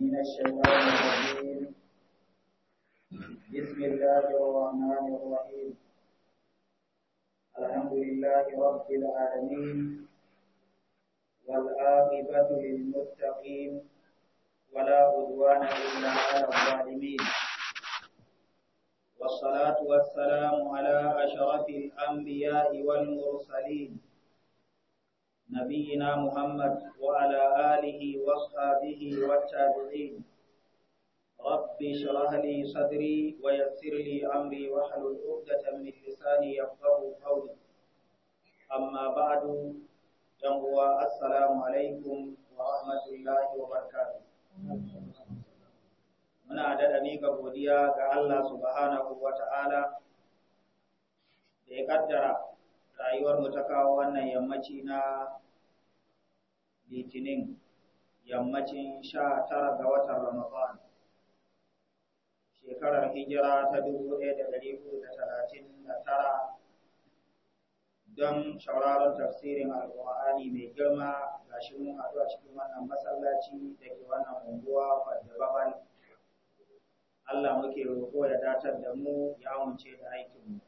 من الشيطان الرجيم بسم الله الرحمن الرحيم الحمد لله رب العالمين للمتقين ولا عدوان إلا على الظالمين والصلاة والسلام على أشرف الأنبياء والمرسلين نبينا محمد وعلى آله وصحبه والتابعين رب شرح لي صدري ويسر لي أمري وحل الأبدة من لساني يفقهوا قولي أما بعد فهو السلام عليكم ورحمة الله وبركاته من عدد miƙa godiya كعلا سبحانه وتعالى wa ta'ala da ya kaddara rayuwar mu wannan yammaci na litinin yammacin sha tara ga watan Ramadan, shekarar hijira ta dubu ɗaya da ɗari huɗu da talatin da tara don shauraron tafsirin alƙur'ani mai girma ga shi mun haɗu a cikin wannan masallaci da ke wannan unguwa babal Allah muke roƙo ya datar da mu ya amince da mu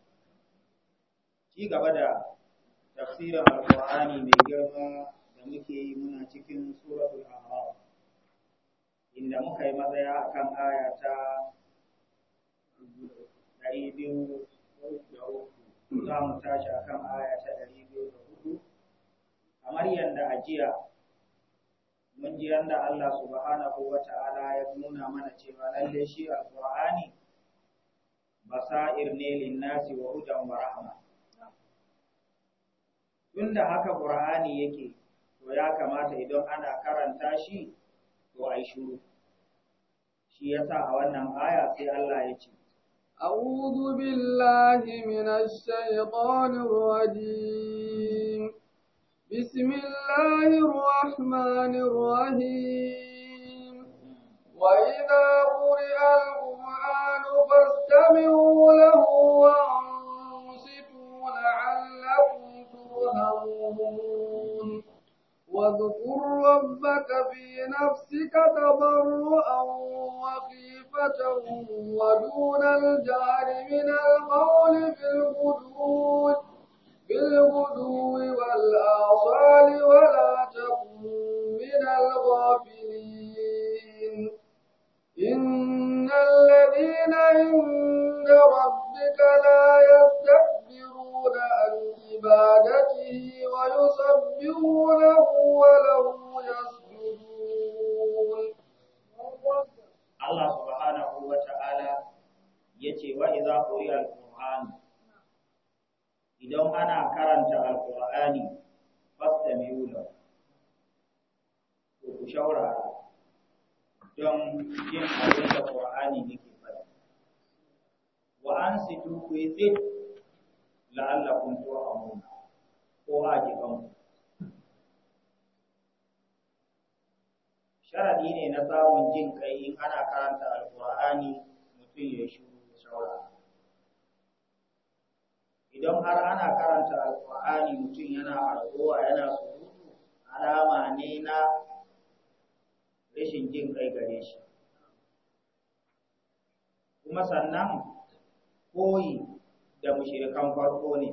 Ci gaba da tafsirin alƙur'ani mai girma muke yi muna cikin suratul a'raf inda muka yi matsaya akan aya ta ɗari biyu da za mu tashi akan aya ta ɗari biyu da hudu kamar yadda a jiya mun ji yadda Allah subhanahu wa ta'ala ya nuna mana cewa lalle shi alqur'ani basair ne linnasi wa hudan wa rahma tunda haka qur'ani yake to ya kamata idan ana karanta shi to ai shuru shi yasa a wannan aya sai Allah ya ce أعوذ بالله من الشيطان الرجيم بسم الله الرحمن الرحيم وإذا قرئ القرآن فاستمعوا له وأنصتوا لعلكم ترهمون واذكر ربك في نفسك تضرعا وخيفة ودون الجهر من القول في بالغدو والآصال ولا تكن من الغافلين إن الذين عند ربك لا يستكبرون أن بعبادته ويسبحونه وله يسجدون الله سبحانه وتعالى yace wa idza quriya alquran idan ana karanta alqurani fastami'u lahu ku shaurara don jin abin da qur'ani yake faɗi wa ansitu ku yi tsit la'allakum tu'amun ko ajiban sharadi ne na samun jin kai ana karanta alqur'ani mutum ya shiru saurara idan har ana karanta alqur'ani mutum yana harkowa yana surutu alama ne na rashin jin kai gare shi kuma sannan koyi da mushirikan farko ne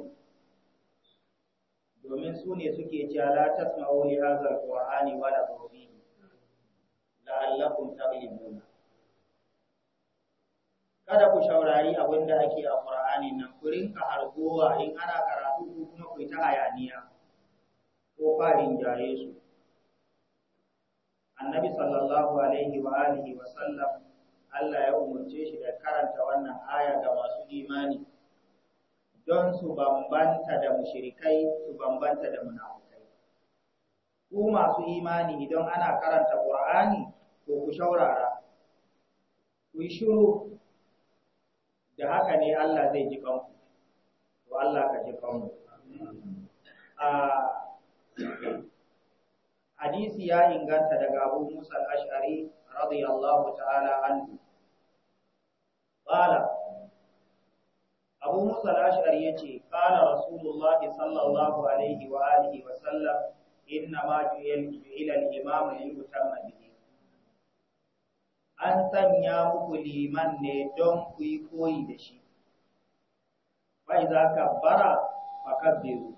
domin su ne suke cewa la tasma'u li hadha alqur'ani wa la tu'minu la'allakum taghlibun kada ku shaurari abin da ake a qur'ani nan ku rinka hargowa in ana karatu ko kuma ku ta hayaniya ko farin jaye su annabi sallallahu alaihi wa alihi wa sallam Allah ya umurce shi da karanta wannan aya ga masu imani don su bambanta da mushirikai, su bambanta da munafikai ku masu imani idan ana karanta qur'ani ko ku shaurara ku shiru da haka ne Allah zai ji kanku to Allah ka ji kanku a hadisi ya inganta daga Abu Musa al-Ash'ari radiyallahu ta'ala anhu qala abu musa lashari ya yace kana rasulullah sallallahu alaihi wa alihi wa sallam inna ma ju'ila al-imam li yutamma bihi an sanya muku liman ne don ku yi koyi da shi za bara idza kabbara biyu?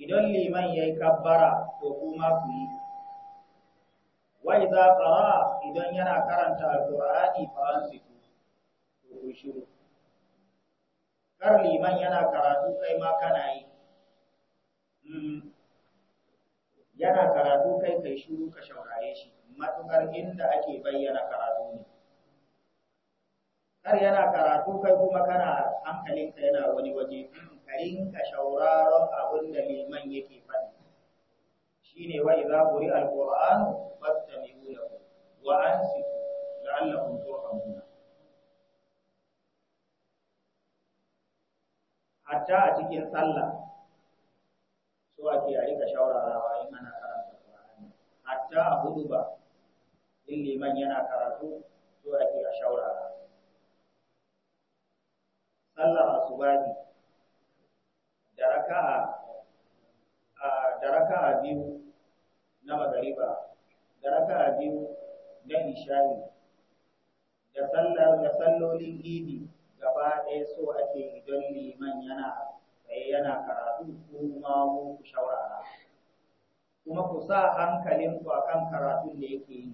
idan liman ya ka kabbara to kuma ku yi wa idza qara idan yana karanta al-qur'ani fa ansitu to ku shiru kar liman yana karatu kai ma kana yi hmm. yana karatu kai kai shiru ka shaurare shi matukar inda ake bayyana karatu ne kar yana karatu kai kuma kana hankalinka yana wani waje hmm, ka shauraron abin da liman yake faɗi shine wa idza quri alquran fastami'u lahu wa ansitu la'allakum hatta a cikin sallah so ake a rika shawararawa in ana karanta Qur'ani hatta a huduba in liman yana karatu so ake a shawarara sallah asubahi da raka da biyu na magariba da a biyu na isha'i da sallar da sallolin idi gaba ɗaya so ake don liman yana tsaye yana karatu ko kuma ku shaurara kuma ku sa hankalin ku akan karatun da yake yi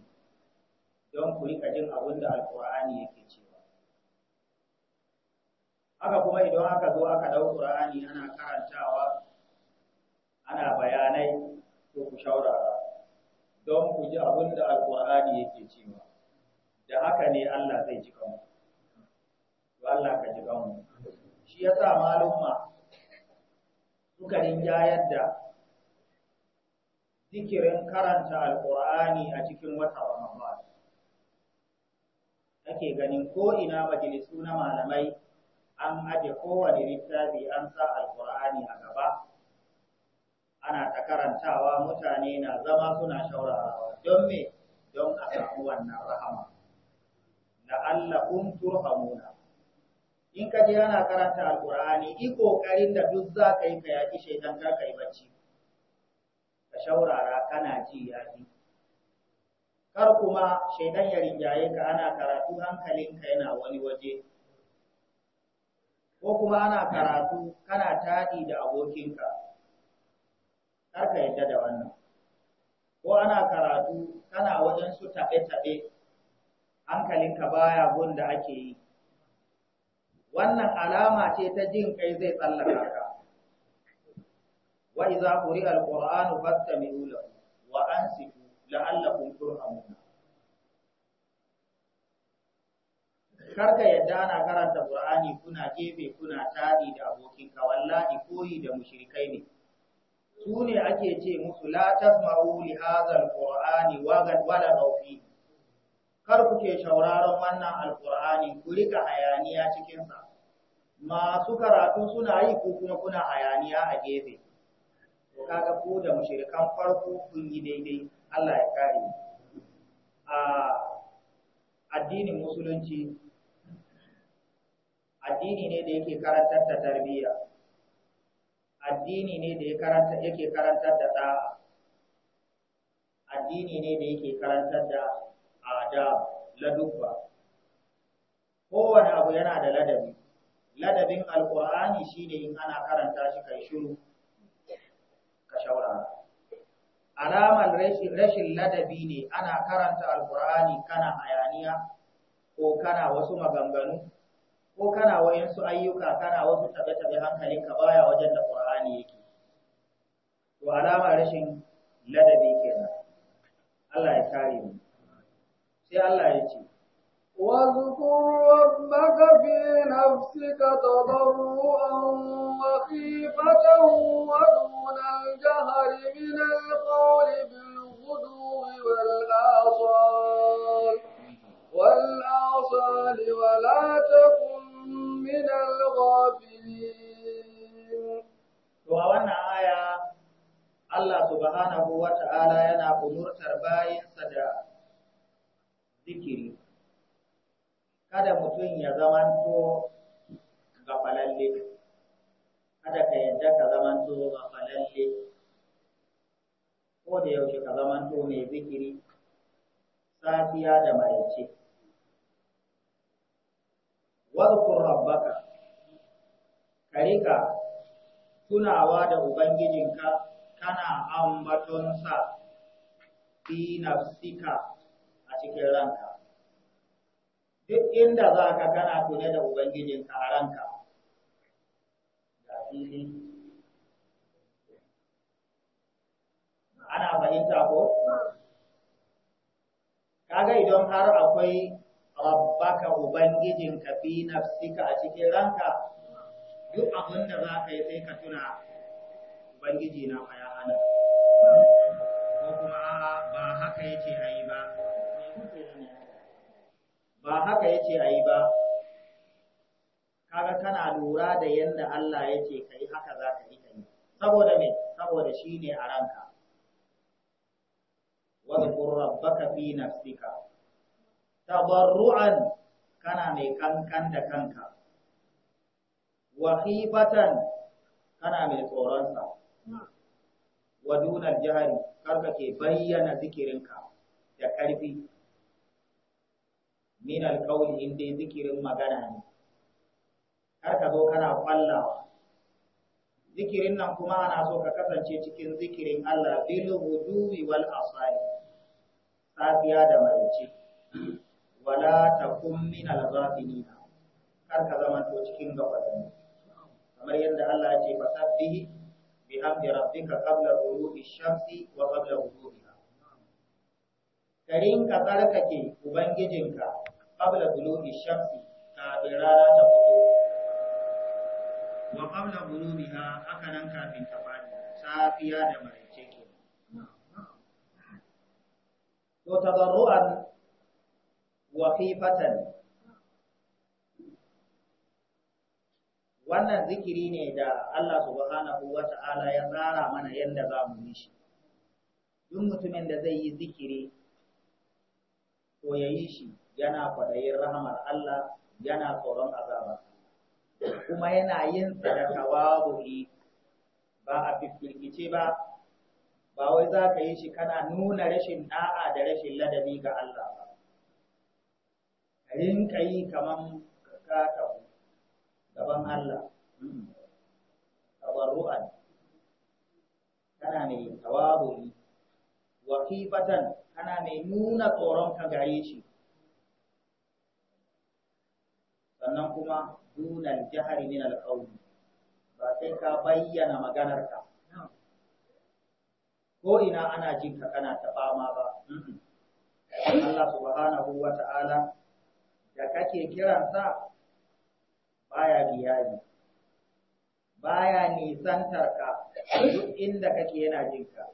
don ku rika jin abin da alkur'ani yake cewa haka kuma idan aka zo aka dau qur'ani ana karantawa ana bayanai ko ku shaurara don ku ji abin da alkur'ani yake cewa da haka ne Allah zai ji kanku. Allah ka ji mu shi yasa malumma suka rinjayar da zikirin karanta alkur'ani a cikin wata ramadan ake ganin ko ina majalisu na malamai an aje kowane littafi an sa alkur'ani a gaba ana ta karantawa mutane na zama suna shaurarawa don me don a samu wannan rahama la'allakum turhamuna in ka je ana karanta alkur'ani i kokarin da duk za ka yi ka yaƙi shaidan kar ka yi bacci ka shaurara kana ji yaƙi kar kuma shaidan ya rinjaye ka ana karatu hankalinka yana wani waje ko kuma ana karatu kana taɗi da abokinka kar ka yadda da wannan ko ana karatu kana wajen su taɓe-taɓe hankalinka baya gun da ake yi wannan alama ce ta jin kai zai tsallaka ka wa idza quri'a alqur'anu fastami'u lahu wa ansitu la'allakum turhamun karka yadda ana karanta qur'ani kuna gefe kuna tadi da abokin ka wallahi koyi da mushrikai ne su ne ake ce musu la tasma'u li hadha alqur'ani wa gad wala gawfi kar ku ke shauraron wannan alqur'ani ku rika hayaniya cikin sa masu karatu suna yi ko kuma kuna hayaniya a gefe to kaga ko da mushrikan farko kun yi daidai Allah ya kare a addinin musulunci addini ne da yake karantar da tarbiyya addini ne da yake karantar da da addini ne da yake karantar da adab ladubba kowane abu yana da ladabi ladabin alkur'ani shine in ana karanta shi kai shiru ka shaurara alamar rashin ladabi ne ana karanta alkur'ani kana hayaniya ko kana wasu maganganu ko kana wayansu ayyuka kana wasu tabe-tabe hankalinka baya wajen da qur'ani yake to alama rashin ladabi kenan Allah ya kare mu sai Allah ya ce واذكر ربك في نفسك تضرعا وخيفة ودون الجهر من القول بالغدو والآصال والآصال ولا تكن من الغافلين وأنا آية الله سبحانه وتعالى أنا أمور ترباين سدا ذكري kada mutum ya zamanto gafalalle kada ka yadda ka zamanto gafalalle ko da yaushe ka zamanto mai zikiri safiya da maraice wadhkur rabbaka ka rika tunawa da ubangijinka kana ambatonsa fi nafsika a cikin ranka duk inda za ka kana tune da Ubangijin a Ga fili. Ana fahimta ko? Kaga idan har akwai rabbaka ubangijin fi nafsika a cikin ranka, duk abin da za ka yi sai ka tuna Ubangiji na ya Ko kuma ba haka yake a yi ba. ba haka yace ayi ba kaga kana lura da yanda Allah yake kai haka za ka yi kai saboda me saboda shine a ranka zkur rabbaka fi nafsika tabarru'an kana mai kankan da kanka wa khifatan kana mai tsoron sa wa dunar karka ke bayyana zikirinka da karfi min alƙawli in dai zikirin magana ne kar ka zo kana fallawa. zikirin nan kuma ana so ka kasance cikin zikirin Allah bil huduwi wal asali safiya da marice wala takum min al ghafilin kar ka zama to cikin gabanin kamar yadda Allah ya ce fasabbihi bihamdi rabbika qabla ghurubi shamsi wa qabla ghurubi Karin ka rinka tsarkake ubangijinka qabla bulugi shamsi kafin rana ta fito wa qabla ha, haka nan kafin ta fadi safiya da maraice ke to tadarru'an wa fatan. wannan zikiri ne da Allah subhanahu wa ta'ala ya tsara mana yadda za mu yi shi duk mutumin da zai yi zikiri ko ya yi shi yana kwaɗayin rahamar Allah yana tsoron azaba kuma yana yin da wabuhi ba a fiffirkice ba ba wai za ka yi shi kana nuna rashin da'a da rashin ladabi ga Allah ba ka yi kaman ka gaban Allah hmm. tabarru'an kana mai tawaburi wakifatan ana kana mai nuna tsoron ka gare shi sannan kuma dunan jahari min alqawl ba sai ka bayyana maganar ka ko ina ana jin ka kana ta fama ba Allah subhanahu wa ta'ala da kake kiransa baya biyayi baya nisantar ka duk inda kake yana jinka.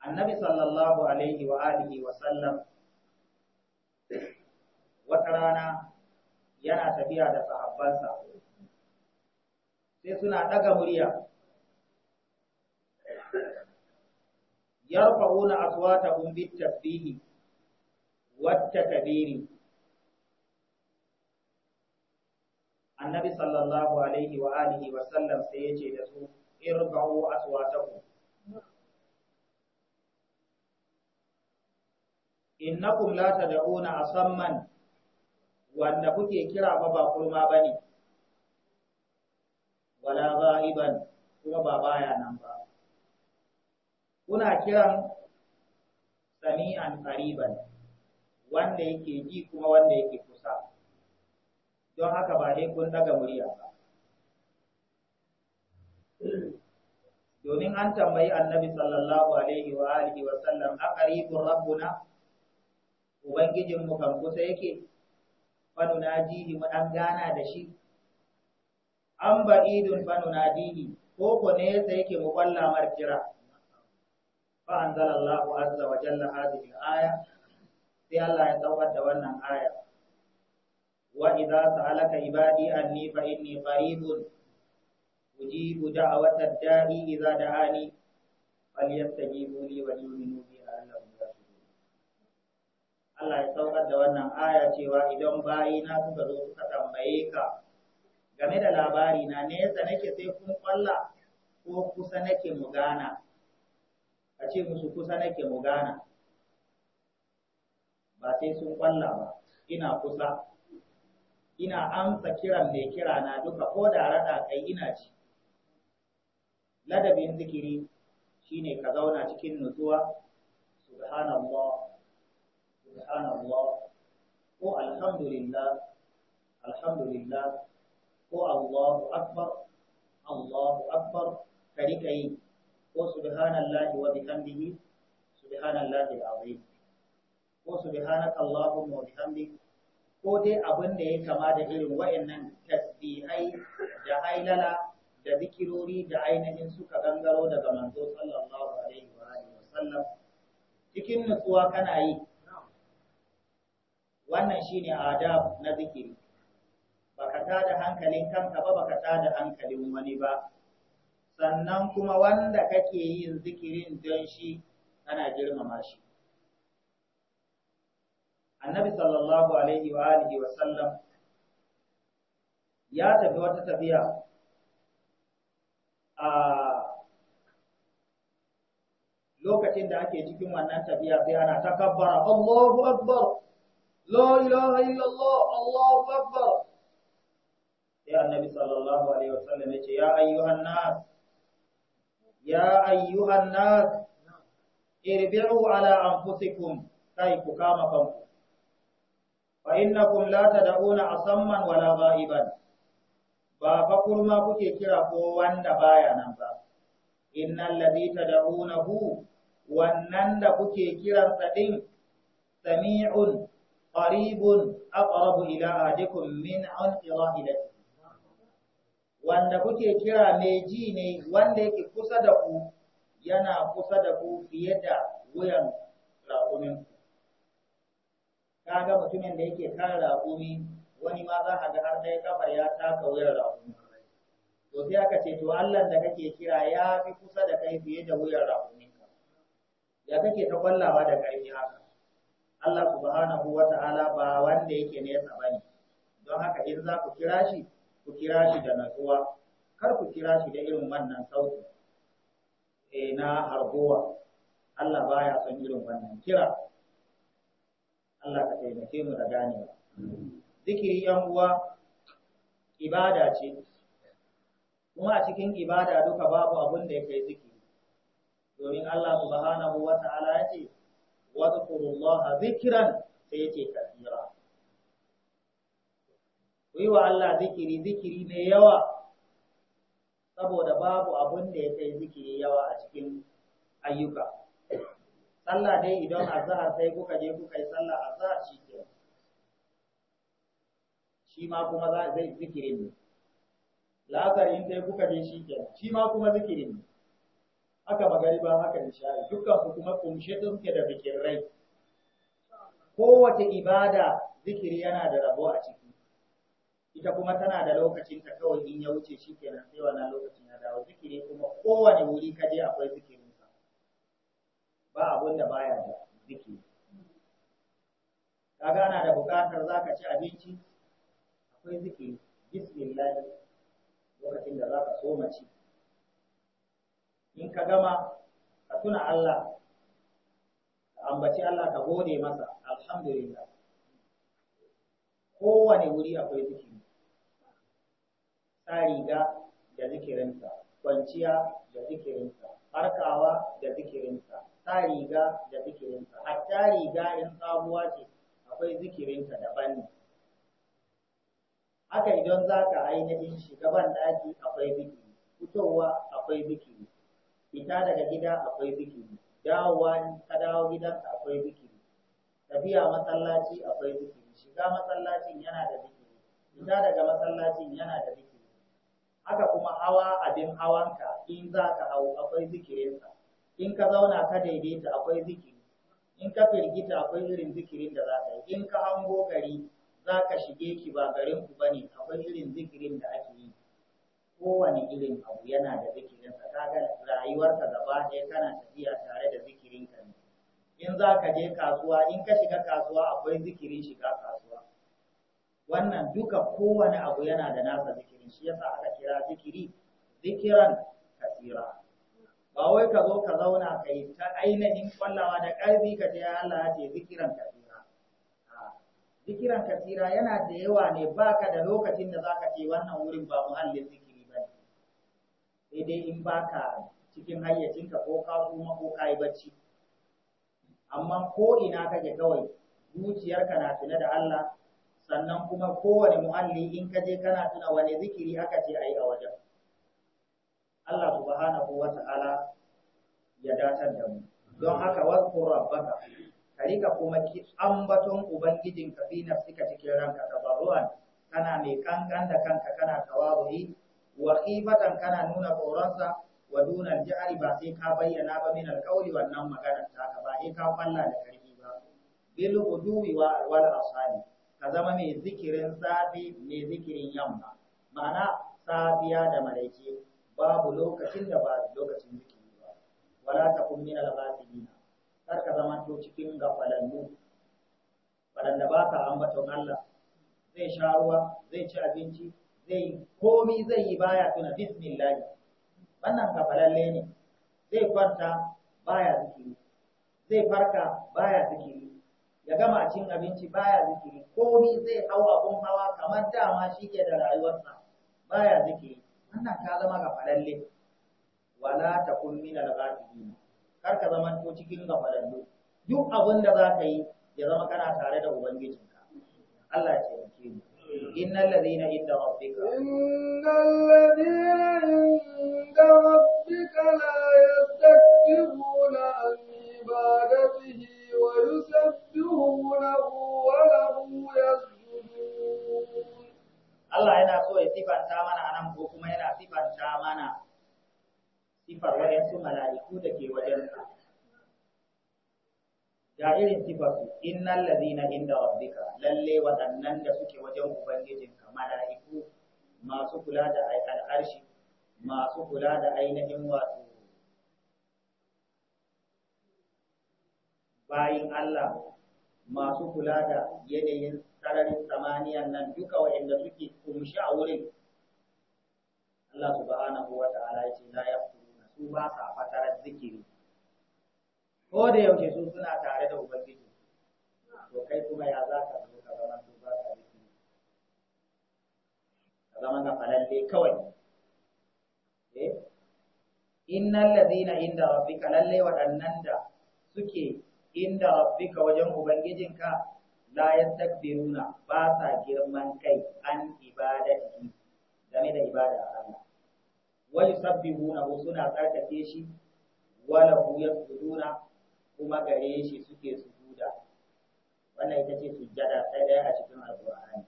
annabi sallallahu alaihi wa alihi wa sallam wata rana yana tafiya da sahabbansa sai suna ɗaga murya yarfa'una aswatahum bit-tasbih wat-takbir annabi sallallahu alaihi wa alihi wa sallam sai ce da su irfa'u aswatahum innakum la tad'una asamman wanda kuke kira ba ba kurma bane wala ghaiban kuma ba baya nan ba kuna kiran sami'an qariban wanda yake ji kuma wanda yake kusa don haka ba dai kun daga murya ba domin an tambayi annabi sallallahu alaihi wa alihi wa sallam aqribur rabbuna ubangijin mu kan kusa yake fanunajihi mu dan gana da shi an ba'idun fanunajihi ko ko ne sai yake mu kwalla mar kira fa anzalallahu azza wa jalla hadhihi aya sai Allah ya saukar da wannan aya wa idza sa'alaka ibadi anni fa inni qaribun ujibu da'watad da'i idza da'ani falyastajibu li wa yu'minu Allah ya saukar da wannan aya cewa idan na suka zo suka tambaye ka game da labari na yasa nake sai kun kwalla ko kusa nake mu gana a ce musu kusa nake mu gana ba sai sun kwalla ba ina kusa ina amsa kiran mai kira na duka ko da rada kai ina ci ladabin zikiri shine ka zauna cikin nutsuwa subhanallah subhanallah ko alhamdulillah alhamdulillah ko Allahu akbar Allahu akbar ka rika yi ko subhanallahi wa bihamdihi subhanallahi alazim ko subhanaka allahumma wa bihamdihi ko dai abin da ya kama da irin wa'annan tasbihai da hailala da zikirori da ainihin suka gangaro daga manzo sallallahu alaihi wa sallam cikin nutsuwa kana yi wannan shi ne adab na zikiri Ba baka tada hankalin kanka ba baka tada hankalin wani ba sannan kuma wanda kake yin zikirin don shi kana girmama shi annabi sallallahu alaihi wa alihi wa sallam ya tafi wata tafiya a lokacin da ake cikin wannan tafiya sai ana takabbara Allahu akbar La ilaha illallah, Allahu Akbar. Sai Annabi sallallahu alaihi wasallam ce, ya ayyuhan nas ya ayyuhan nas irbi'u ala anfusikum kai ku kama kanku fa innakum la tad'una asamman wala ghaiban ba fa kurma kuke kira ko wanda baya nan ba innal ladhi tad'unahu wannan da kuke kiransa din sami'un qaribun aqrabu ila ahadikum min anqirahilati wanda kuke kira mai ji ne wanda yake kusa da ku yana kusa da ku fiye da wuyan raƙumin kaga mutumin da yake kan raƙumi wani ma za a ga har ɗaya kafar ya taka wuyan raƙumi to sai aka ce to Allah da kake kira ya fi kusa da kai fiye da wuyan raƙumin ya kake ta kwallawa da ƙarfi haka Allah subhanahu wa ta'ala ba wanda yake nesa ba ne. don haka in za ku kira shi ku kira shi da natsuwa kar ku kira shi da irin wannan sauti eh na harbowa Allah baya son irin wannan kira Allah ka taimake mu da ganewa zikiri yan uwa ibada ce kuma a cikin ibada duka babu abin da ya kai zikiri domin Allah subhanahu wa ta'ala ya ce wadkurullaha zikran sai ce kathira kuyi wa Allah zikiri zikiri mai yawa saboda babu abun da ya kai zikiri yawa a cikin ayyuka sallah dai idan a azhar sai kuka je kuka yi sallah azhar shi ke shi ma kuma zai zikiri ne la'asar in kuka je shi ke shi ma kuma zikiri. ne haka magariba haka nishari dukkan su kuma kumshe din ke da kowace ibada zikiri yana da rabo a ciki ita kuma tana da lokacin ta kawai in ya wuce shi kenan sai wannan lokacin ya dawo zikiri kuma kowane wuri ka je akwai zikirin sa ba abun da baya da zikiri kaga ana da bukatar zaka ci abinci akwai zikiri bismillah lokacin da zaka soma ci in ka gama ka tuna Allah ka ambaci Allah ka gode masa alhamdulillah kowane wuri akwai zikiri sa riga da zikirinsa kwanciya da zikirinsa farkawa da zikirinsa sa riga da zikirinsa hatta riga in sabuwa ce akwai zikirinta daban ne haka idan za ka ainihin shiga ban daji akwai zikiri fitowa akwai zikiri fita daga gida akwai zikiri dawowa ka dawo gidanka akwai zikiri tafiya masallaci akwai zikiri shiga masallacin yana da zikiri fita daga masallacin yana da zikiri haka kuma hawa abin hawanka in za ka hau akwai zikirinsa in ka zauna ka daidaita akwai zikiri in ka firgita akwai irin zikirin da za ka yi in ka hango gari za ka shige ki ba garin ku ne. akwai irin zikirin da ake kowane irin abu yana da zikirinsa kaga rayuwarka gaba ɗaya kana tafiya tare da zikirinka ne in za ka je kasuwa in ka shiga kasuwa akwai zikirin shiga kasuwa wannan duka kowane abu yana da nasa zikirin shi yasa aka kira zikiri zikiran kasira ba wai ka zo ka zauna ka yi ta ainihin kwallawa da ƙarfi ka ce Allah ce zikiran kasira zikiran kasira yana da yawa ne baka da lokacin da zaka ce wannan wurin ba muhallin zikiri sai dai in baka cikin hayyacinka ko ka kuma ko ka bacci amma ko ina kake kawai zuciyarka na tuna da Allah sannan kuma kowane muhalli in ka je kana tuna wani zikiri aka ce ayi a wajen Allah subhanahu wa ta'ala ya datar da mu don haka wasu rabbaka ka rika kuma ki ambaton ubangijinka fi nafsika cikin ranka tabarruan kana mai kankan da kanka kana tawabuhi wa kana nuna tsoronsa wa dunan jari ba sai ka bayyana ba min alƙawli wannan maganar ka ba sai ka falla da karfi ba bil uduwi wa alwal asali ka zama mai zikirin safi mai zikirin yamma ma'ana safiya da maraice babu lokacin da ba lokacin zikiri ba wala kun min alghafilin kar ka zama to cikin gafalannu waɗanda ba ka ambaton Allah zai sha ruwa zai ci abinci zai komi zai yi baya tuna bismillah wannan kafalalle ne zai kwanta baya zikiri zai farka baya zikiri ya gama cin abinci baya zikiri komi zai hau abun hawa kamar dama shi ke da rayuwarsa baya zikiri wannan ka zama gafalalle wala takun min al-ghafilin kar ka zama to cikin gafalallu duk abin da za ka yi ya zama kana tare da ubangijinka Allah ya taimake mu إن الذين عند ربك لا يستكبرون عن عبادته ويسبحونه وله Allah yana so ya sifanta mana a nan ko kuma yana sifanta mana sifar waɗansu mala'iku da ke wajensa. ga irin sifarsu innal ladina inda rabbika lalle waɗannan da suke wajen kamar mala'iku masu kula da al'arshi masu kula da ainihin wato bayin Allah masu kula da yanayin sararin samaniyan nan duka waɗanda suke kumshi a wurin Allah subhanahu wa ta'ala ya ce la yaquluna su ba sa fatarar zikiri ko da yaushe su suna tare da ubangiji to kai kuma ya za ka zo ka zama su ba ka riki ka zama na falalle kawai eh innal ladina inda rabbika lalle waɗannan da suke inda rabbika wajen ubangijinka la yastakbiruna ba sa girman kai an ibadati game da ibada a Allah wa yusabbihuna suna tsarkake shi wala hu yasjuduna kuma gare shi suke sujuda wannan ita ce sujjada ta ɗaya a cikin alƙur'ani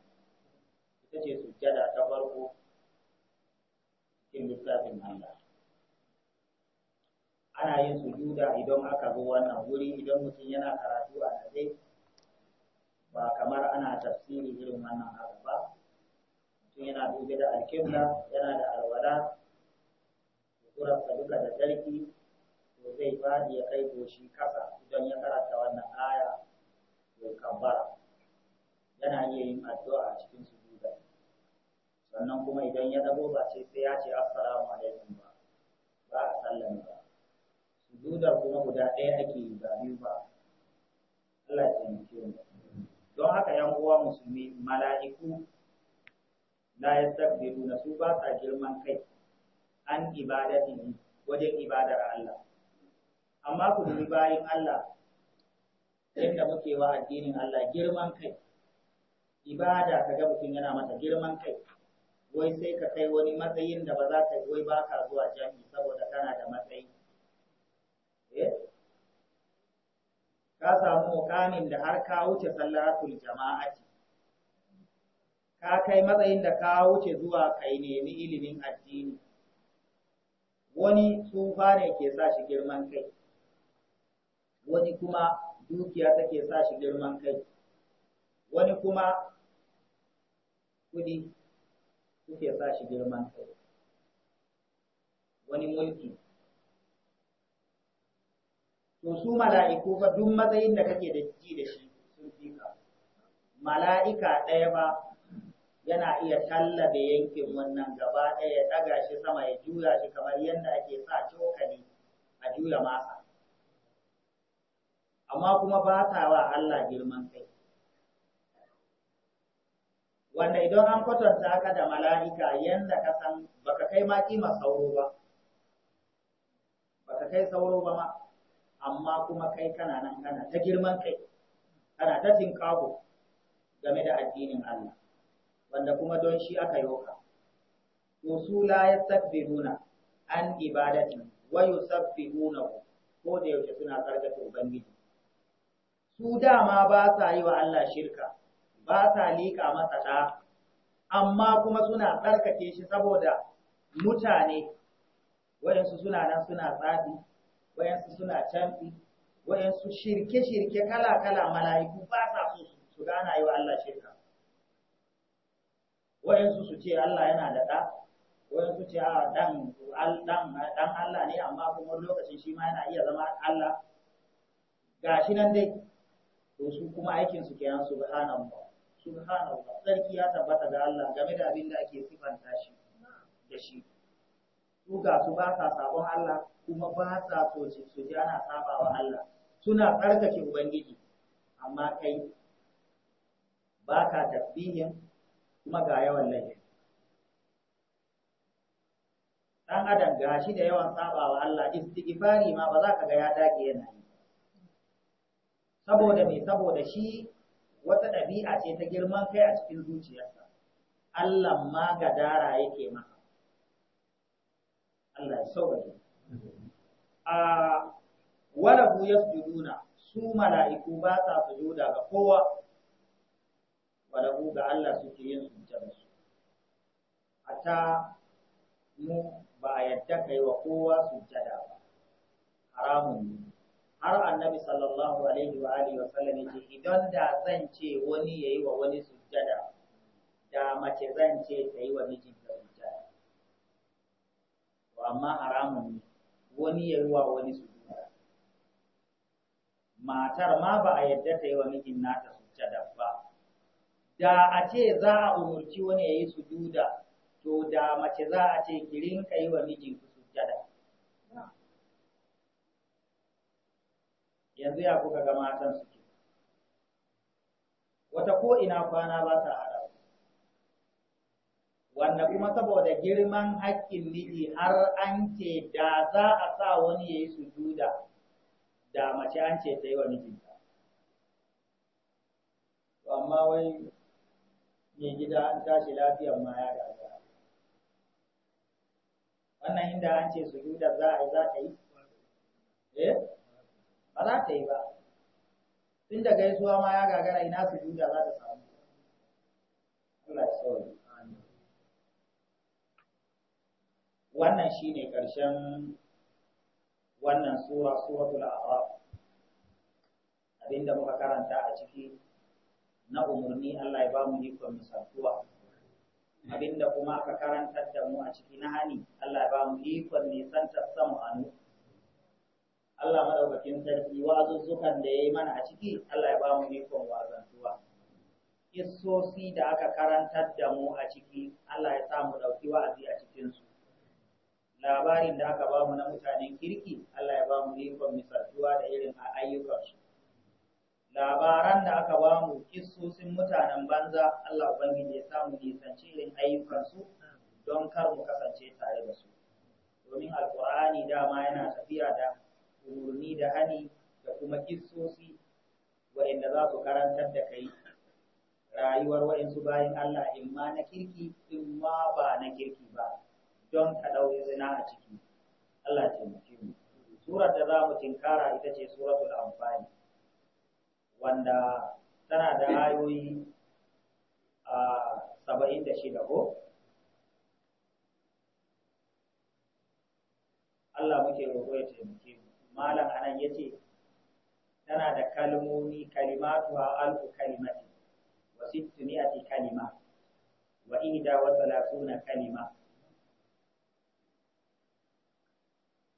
ita ce sujjada ta farko cikin littafin Allah ana yin sujuda idan aka zo wannan wuri idan mutum yana karatu a natse ba kamar ana tafsiri irin wannan haka ba mutum yana dubi da alƙibla yana da alwala suturarsa duka da sarki to zai fadi ya kai goshi kasa idan ya karanta wannan aya ya kabbara yana iya yin addu'a a cikin sujuda sannan kuma idan ya dago ba sai sai ya ce assalamu alaikum ba ba a sallama ba sujudar kuma guda ɗaya ake yi ba biyu ba Allah ya taimake mu don haka yan uwa musulmi mala'iku la yastakbiruna su ba sa girman kai an ibadatihi wajen ibadar Allah amma ku dubi bayan Allah inda muke wa addinin Allah girman kai ibada ga mutum yana mata girman kai wai sai ka kai wani matsayin da ba za ka wai ba ka zuwa Jami saboda kana da matsayi eh? ka samu mukamin da har ka wuce sallatul ce. ka kai matsayin da ka wuce zuwa kai nemi ilimin addini wani tsufa ne ke sa shi girman kai wani kuma dukiya take sa shi girman kai wani kuma kudi suke sa shi girman kai wani mulki to su mala'iku fa duk matsayin da kake da ji da shi sun fi ka mala'ika ɗaya ba yana iya tallabe yankin wannan gaba ɗaya ya ɗaga shi sama ya juya shi kamar yadda ake sa cokali a juya masa amma kuma ba ta wa Allah girman kai wanda idan an kwatanta ka da mala'ika yanda ka san baka kai ma kima sauro ba baka kai sauro ba ma amma kuma kai kana nan kana ta girman kai kana ta tinkaho game da addinin Allah wanda kuma don shi aka yoka wasu la yastakbiruna an ibadati wa yusabbihunahu ko da yaushe suna karkata ubangiji su dama ba sa yi wa Allah shirka ba sa liƙa masa ɗa amma kuma suna tsarkake shi saboda mutane wayansu suna nan suna tsafi wayansu suna canfi wayansu shirke-shirke kala-kala mala'iku ba sa so su gana yi wa Allah shirka wayansu su ce Allah yana da ɗa wayansu ce a dan Allah ne amma kuma lokacin shi ma yana iya zama Allah gashi nan dai to su kuma aikin su kenan subhanallah subhanallah sarki ya tabbata ga Allah game da abin da ake sifanta shi da shi su ga su ba sa sabon Allah kuma ba sa so su ji ana sabawa Allah suna tsarkake ubangiji amma kai ba ka tasbihin kuma ga yawan laifin dan adam gashi da yawan sabawa Allah istighfari ma ba za ka ga ya dage yana yi saboda me saboda shi wata ɗabi'a ce ta girman kai a cikin zuciyarsa Allah ma gadara yake maka Allah ya saurare a wala bu yasjuduna su mala'iku ba sa sujuda ga kowa wala bu ga Allah suke yin sujjada su hatta mu ba a yadda kai wa kowa sujjada ba haramun ne har annabi sallallahu alaihi wa alihi wa sallam yace idan da zan ce wani yayi wa wani sujjada da mace zan ce ta yi wa mijinta sujjada to amma haramun ne wani yayi wa wani sujjada matar ma ba a yadda ta yi wa mijin nata sujjada ba da a ce za a umurci wani yayi sujuda to da mace za a ce kirin kai yi wa mijin sujjada yanzu ya kuka ga matan suke wata ko ina kwana ba ta hada wanda kuma saboda girman haƙƙin liɗi har an ce da za a sa wani ya yi sujuda da mace an ce ta yi wa mijinta amma wai mai gida an tashi lafiyar ma ya gaza wannan inda an ce sujuda za a yi za ta yi eh ba za ta yi ba tun da gaisuwa ma ya gagara ina su juda za ta samu Allah ya Amin. wannan shine ƙarshen wannan sura suratul a'raf abinda muka karanta a ciki na umarni Allah ya ba mu ikon misaltuwa abinda kuma aka karantar da mu a ciki na hani Allah ya ba mu ikon nisan samu hannu Allah madaukakin sarki wazuzzukan da ya yi mana a ciki Allah ya ba mu ikon wazantuwa. Kissosi da aka karantar da mu a ciki Allah ya sa mu ɗauki wa'azi a cikinsu. Labarin da aka ba mu na mutanen kirki Allah ya ba mu ikon misaltuwa da irin a su. Labaran da aka ba mu kissosin mutanen banza Allah Ubangiji ya sa mu nisanci irin ayyukansu don kar mu kasance tare da su. Domin alqur'ani dama yana tafiya da umurni da hani da kuma kissosi wa'inda za su karantar da kai rayuwar wa'insu bayan Allah in ma na kirki in ma ba na kirki ba don ka ɗau zina a ciki Allah ya taimake mu surar da za mu tinkara ita ce suratul amfani wanda tana da ayoyi a saba'in da shida ko Allah muke roƙo ya taimaka. malam anan yace tana da kalmomi kalimatu a alfu kalimati wa sittuniyati kalima wa ida wa salasuna kalima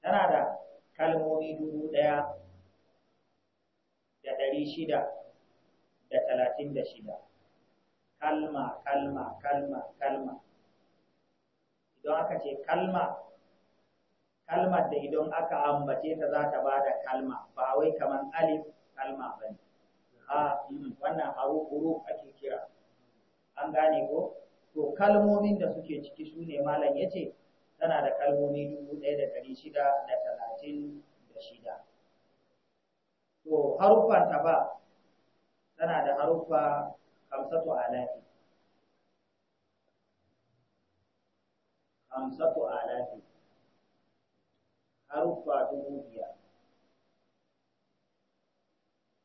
tana da kalmomi dubu ɗaya da dari shida da talatin da shida kalma kalma kalma kalma idan aka ce kalma kalmar da idan aka ambace ta za ta bada kalma ba wai kamar alif kalma ba ne a wannan haru huru ake kira an gane ko to kalmomin da suke ciki su ne malam ya ce tana da kalmomi dubu ɗaya da ɗari shida da talatin da shida to haruffan ta ba tana da haruffa hamsatu alafi hamsatu alafi haruffa dubu biyar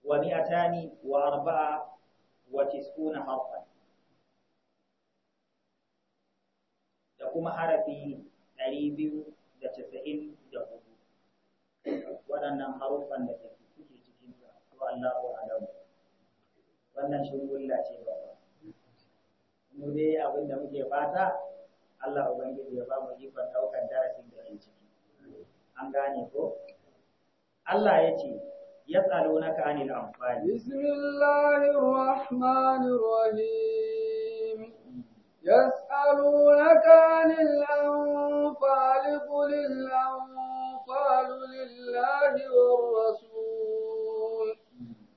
wa mi'atani wa arba'a wa tis'una harfan da kuma harafi ɗari biyu da casa'in da hudu waɗannan haruffan da take suke cikin sa to Allahu alam wannan shingulla ce ba mu dai abin da muke fata Allah ubangiji ya ba mu ikon ɗaukar darasin da ke ciki an gane ko Allah ya ce yas'alunaka anil amfani. bismillahir rahmanir rahim yas'alunaka anil anfal qulil anfal lillahi war rasul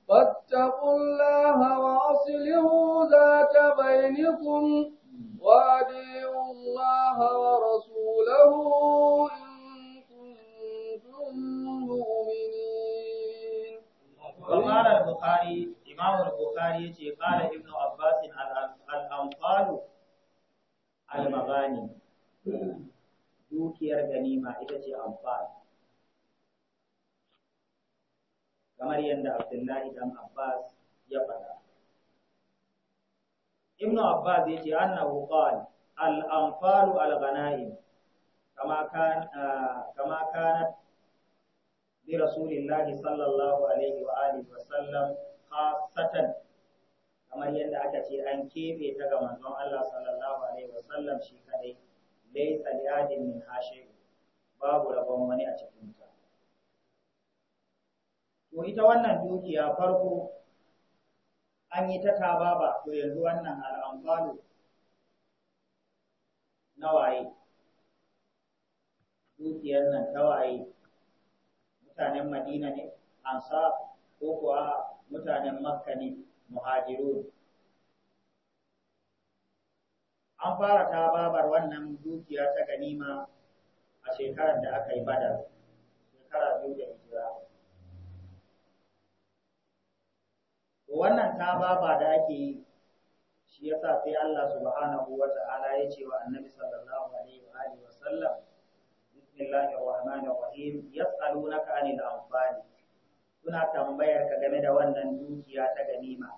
fattaqul laha wa aslihu zata bainakum وأدعوا الله ورسوله إن وقال البخاري إمام البخاري يجي قال ابن عباس الأنفال المغاني dukiyar ganima ita ce amfani kamar yadda abdullahi dan abbas ya faɗa ibn abbas ya ce annahu qala al anfalu al ghanaim kama kan برسول الله صلى الله عليه وآله وسلم خاصة kamar yadda aka ce an kebe ta ga manzon Allah sallallahu alaihi wa sallam shi kadai laysa li ahadin min hashay babu rabon wani a cikin ta to ita wannan dukiya farko an yi ta tababa to yanzu wannan al'amfalu na waye dukiyar nan ta waye mutanen madina ne ansa ko kuwa mutanen makka ne muhajirun an fara ta babar wannan dukiya ta ganima a shekarar da aka yi badar shekara biyu da hijira wannan ta baba da ake yi shi yasa sai Allah subhanahu wa ta'ala ya ce wa annabi sallallahu alaihi wa sallam بسم الله الرحمن الرحيم suna tambayar ka game da wannan dukiya ta ganima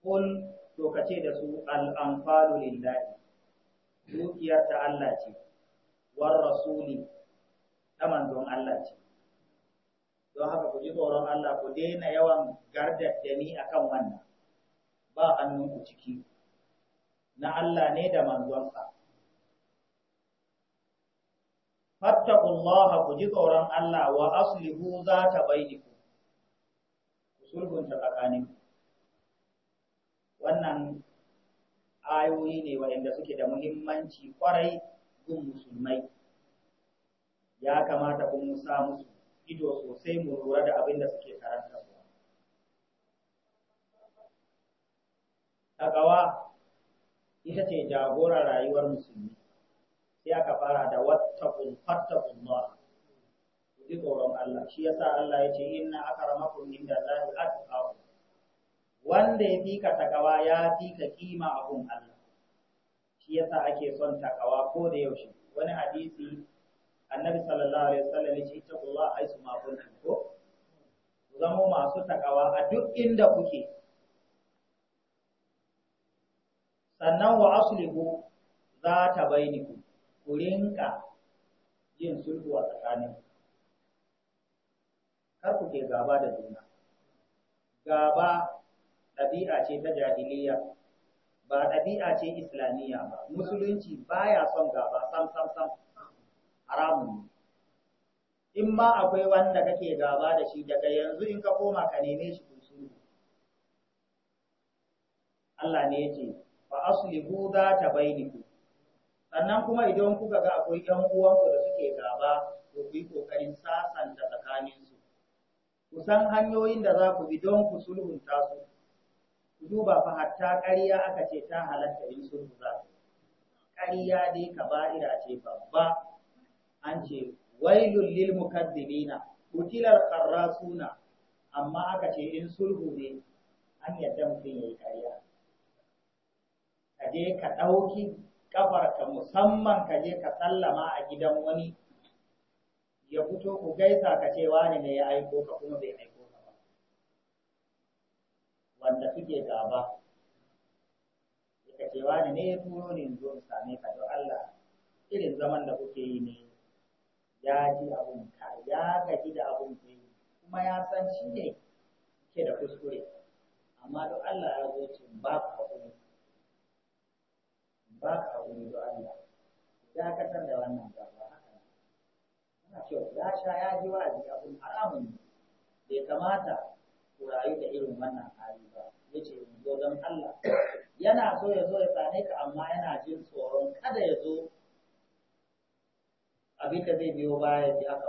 kun to ka ce da su al'amfalu lillahi dukiyar ta Allah ce war rasuli ta manzon Allah ce don haka ku ji tsoron Allah ku daina yawan ni akan wannan ba hannunku ciki na Allah ne da manzonsa fattaqullaha ku ji tsoron Allah wa aslihu ta bainikum ku sulhunta tsakaninku wannan ayoyi ne waɗanda suke da muhimmanci kwarai gun musulmai ya kamata kun musa musu ido sosai mu lura da abin da suke karanta su takawa ita ce jagorar rayuwar musulmi sai aka fara da wattaqul fattaqullah ji tsoron Allah shi yasa Allah ya ce inna akramakum indallahi atqaw wanda ya fika takawa ya fika kima a Allah shi yasa ake son takawa ko da yaushe wani hadisi annabi sallallahu alaihi wasallam ya ce ittaqullah aisu ma kuntum ko ku zama masu takawa a duk inda kuke sannan wa aslihu za ta ku. ku rinka yin sulhu a tsakanin kar ku ke gaba da juna gaba ɗabi'a ce ta jahiliya ba ɗabi'a ce islamiyya ba musulunci baya son gaba sam sam sam haramun ne in ma akwai wanda kake gaba da shi daga yanzu in ka koma ka neme shi ku sulhu Allah ne yake fa aslihu za ta bainikum sannan kuma idan kuka ga akwai 'yan uwanku da suke gaba to ku yi ƙoƙarin sasanta tsakaninsu ku san hanyoyin da za ku bi don ku sulhunta su ku duba fa hatta ƙarya aka ce ta halatta in sulhu za su. ƙarya dai kaba'ira ce babba an ce wailul lil mukazzibina kutilar qarrasuna amma aka ce in sulhu ne an yadda mutum yayi ƙarya ka je ka ɗauki kafarka musamman ka je ka sallama a gidan wani ya fito ku gaisa ka ce wani ne ya aiko ka kuma bai aiko ka ba wanda suke gaba ka ce wani ne ya turo ni zo in same ka don Allah irin zaman da kuke yi ne ya ji abun ka ya gaji da abun ta, yi kuma ya san shi ne ke da kuskure amma don Allah ya zo cin ba ku hakuri ba ka zuwa da Ya dakatar da wannan gaba haka ana kyau ya sha ya ji wa'azi abun haramun bai kamata ku rayu da irin wannan hali ba ya ce zo don Allah yana so ya zo ya same ka amma yana jin tsoron kada ya zo abin da zai biyo baya ya ji haka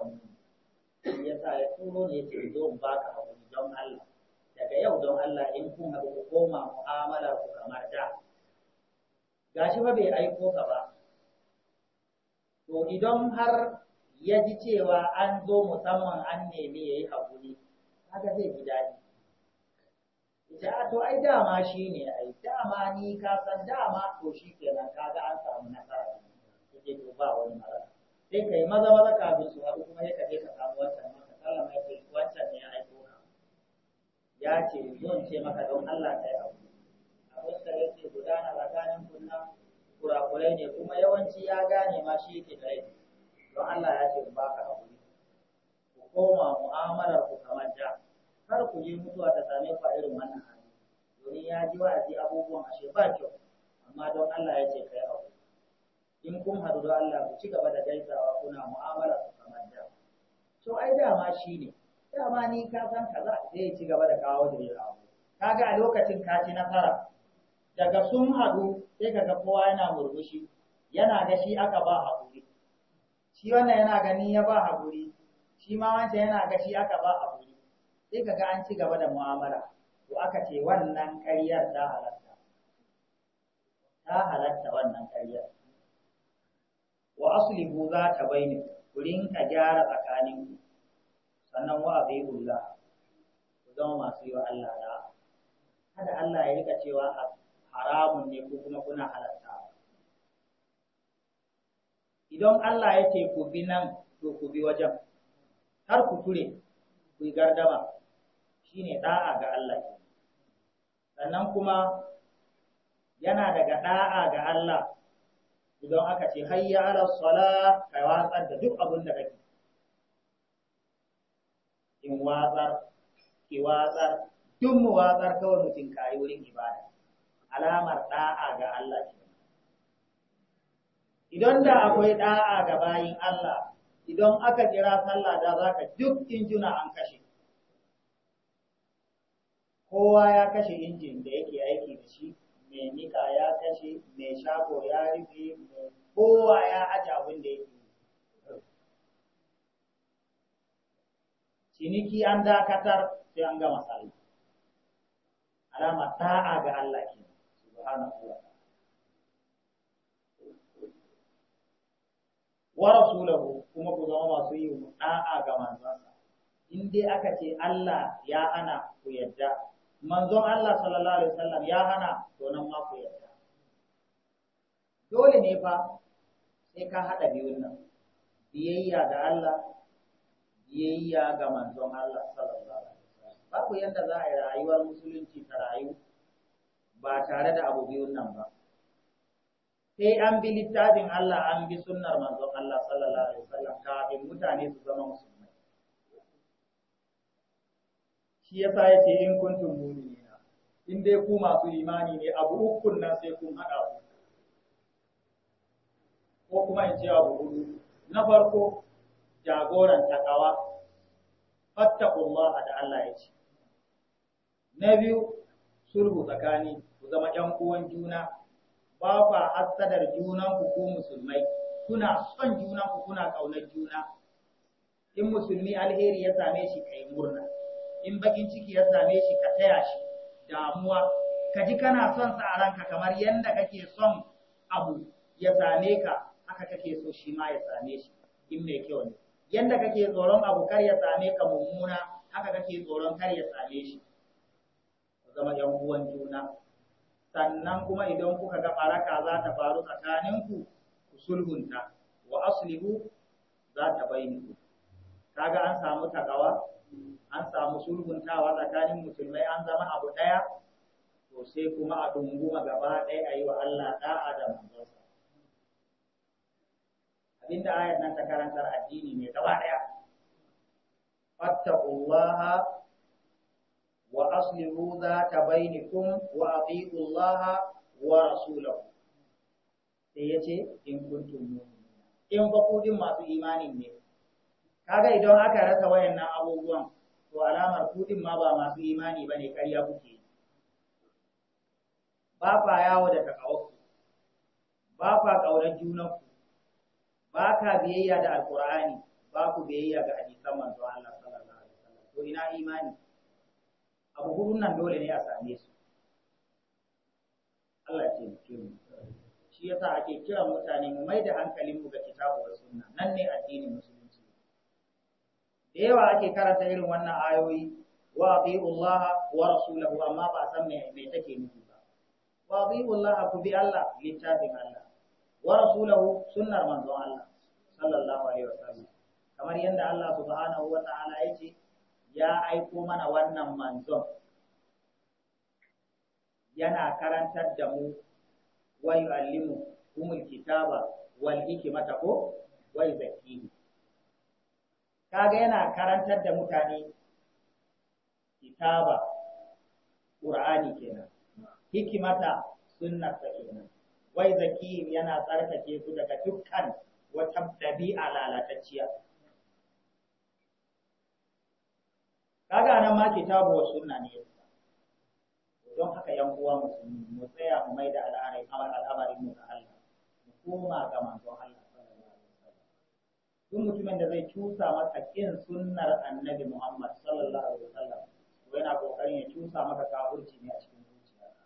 ya sa ya turo ne ya ce zo in baka haƙuri don Allah daga yau don Allah in kun haɗu ku koma mu'amala ku kamar da gashi ba bai aiko ka ba to idan har ya ji cewa an zo musamman an nemi ya yi haƙuri haka zai ji daɗi ita to ai dama shi ne ai dama ni ka san dama to shi kenan kaga an samu nasara kake to ba wani mara sai ka yi maza maza kafin su haɗu kuma ya kaje ka samu wancan maka sallama ya ce wancan ne ya aiko ka ya ce zan ce maka don Allah ta yi haƙuri fahimtar yake gudana tsakanin kunna kurakurai ne kuma yawanci ya gane ma shi yake da don Allah ya ce ba ka haƙuri ku koma mu'amalar ku kamar da kar ku je mutuwa ta same ku a irin wannan hali domin ya ji abubuwan ashe ba kyau amma don Allah ya ce kai haƙuri in kun haɗu da Allah ku ci gaba da gaisawa kuna mu'amalar ku kamar da to ai dama shi ne dama ni ka san kaza zai ci gaba da kawo da abu kaga a lokacin ka ci nasara daga sun haɗu sai kaga kowa yana murmushi yana ga shi aka ba haƙuri shi wannan yana gani ya ba haƙuri shi ma wancan yana ga shi aka ba haƙuri sai kaga an ci gaba da mu'amala to aka ce wannan ƙaryar ta halatta ta halatta wannan ƙaryar wa aslihu za ta bayyana ku rinka gyara tsakaninku sannan wa abiyullah ku zama masu yi wa Allah da'a kada Allah ya rika cewa a haramun ne ko kuma kuna halatta idan Allah ya ce ku bi nan to ku bi wajen har ku kure ku yi gardama shine da'a ga Allah sannan kuma yana daga da'a ga Allah idan aka ce hayya ala sala kai watsar da duk abin da kake in watsar ki watsar duk mu watsar kawai mutum yi wurin ibada alamar da'a ga Allah ke. idan da akwai ɗa'a ga bayin Allah idan aka kira sallah da zaka duk injuna an kashe kowa ya kashe injin da yake aiki da shi mai nika ya kashe mai shago ya rufe kowa ya aje abin da yake ciniki an dakatar sai an gama sallah alama ta'a ga Allah wa wa rasulahu kuma ku zama masu yi da'a ga manzansa in dai aka ce Allah ya hana ku yadda manzon Allah sallallahu alaihi wasallam ya hana to nan ma ku yadda dole ne fa sai ka hada biyun nan biyayya da Allah biyayya ga manzon Allah sallallahu alaihi wasallam ku yadda za a yi rayuwar musulunci ta rayu ba tare da abu biyun nan ba sai an bi littafin Allah an bi sunnar manzon Allah sallallahu alaihi wasallam kafin mutane su zama musulmai shi yasa yace in kuntum mu'minina in dai ku masu imani ne abu ukun nan sai kun hada ku ko kuma in ce abu hudu na farko jagoran takawa fattaqullaha da Allah ya ce na biyu sulhu tsakani ku zama ‘yan uwan juna, ba kwa hassadar junanku ko musulmai, kuna son ku, kuna ƙaunar juna. In musulmi alheri ya same shi kai murna, in bakin ciki ya same shi ka taya shi damuwa, ka ji kana son sa a ranka kamar yadda kake son abu ya same ka, haka kake so shi ma ya same shi, in mai kyau ne. Yadda kake tsoron abu kar ya same ka mummuna, haka kake tsoron kar ya same shi. zama ‘yan uwan juna, sannan kuma idan kuka ga faraka za ta faru tsakaninku ku sulhunta wa aslihu za ta bayyana kaga an samu takawa an samu sulhuntawa tsakanin musulmai an zama abu ɗaya, to sai kuma a dunguma gaba ɗaya a yi wa Allah da'a da manzonsa abinda ayat nan ta karantar addini ne gaba ɗaya fattaqullaha wa ta zata kun wa atiu Allah wa rasulahu sai ce, in kuntum mu'minin in ba masu imanin ne kaga idan aka rasa wayannan abubuwan to alamar kudin ma ba masu imani bane ƙarya kuke ba fa yawo da takawaku ba fa kaunar junanku ba ka biyayya da alkur'ani ba ku biyayya ga hadisan manzo Allah sallallahu alaihi wasallam to ina imani abu hudun nan dole ne a same su Allah ce mu shi yasa ake kira mutane mu mai da hankalin mu ga kitabu da sunna nan ne addinin musulunci da yawa ake karanta irin wannan ayoyi wa atiu Allah wa rasulahu amma ba san me me take nufi ba wa atiu Allah ku bi Allah littafin Allah wa rasulahu sunnar manzon Allah sallallahu alaihi wasallam kamar yadda Allah subhanahu wa ta'ala yake ya aiko mana wannan manzon yana karantar da mu wa yu'allimu umul kitaba wal hikmata ko wa yuzakkihim kaga yana karantar da mutane kitaba qur'ani kenan hikimata sunnata kenan wai zakihim yana tsarkake ku daga dukkan wata dabi'a lalatacciya kaga nan ma kitabu wa sunna ne don haka yan uwa musulmi mu tsaya mu maida da al'amari al'amarin mu ga Allah mu koma ga manzo Allah duk mutumin da zai cusa masa kin sunnar annabi Muhammad sallallahu alaihi wasallam to yana kokarin ya cusa maka kafirci ne a cikin zuciyarka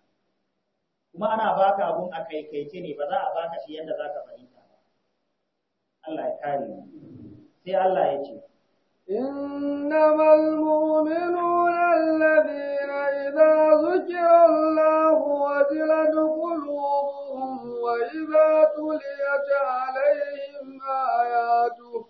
kuma ana baka abun a ce ne ba za a baka shi yadda zaka fahimta ba Allah ya kare mu sai Allah ya ce in إنما المؤمنون الذين إذا ذكر الله وجلت قلوبهم وإذا تليت عليهم آياته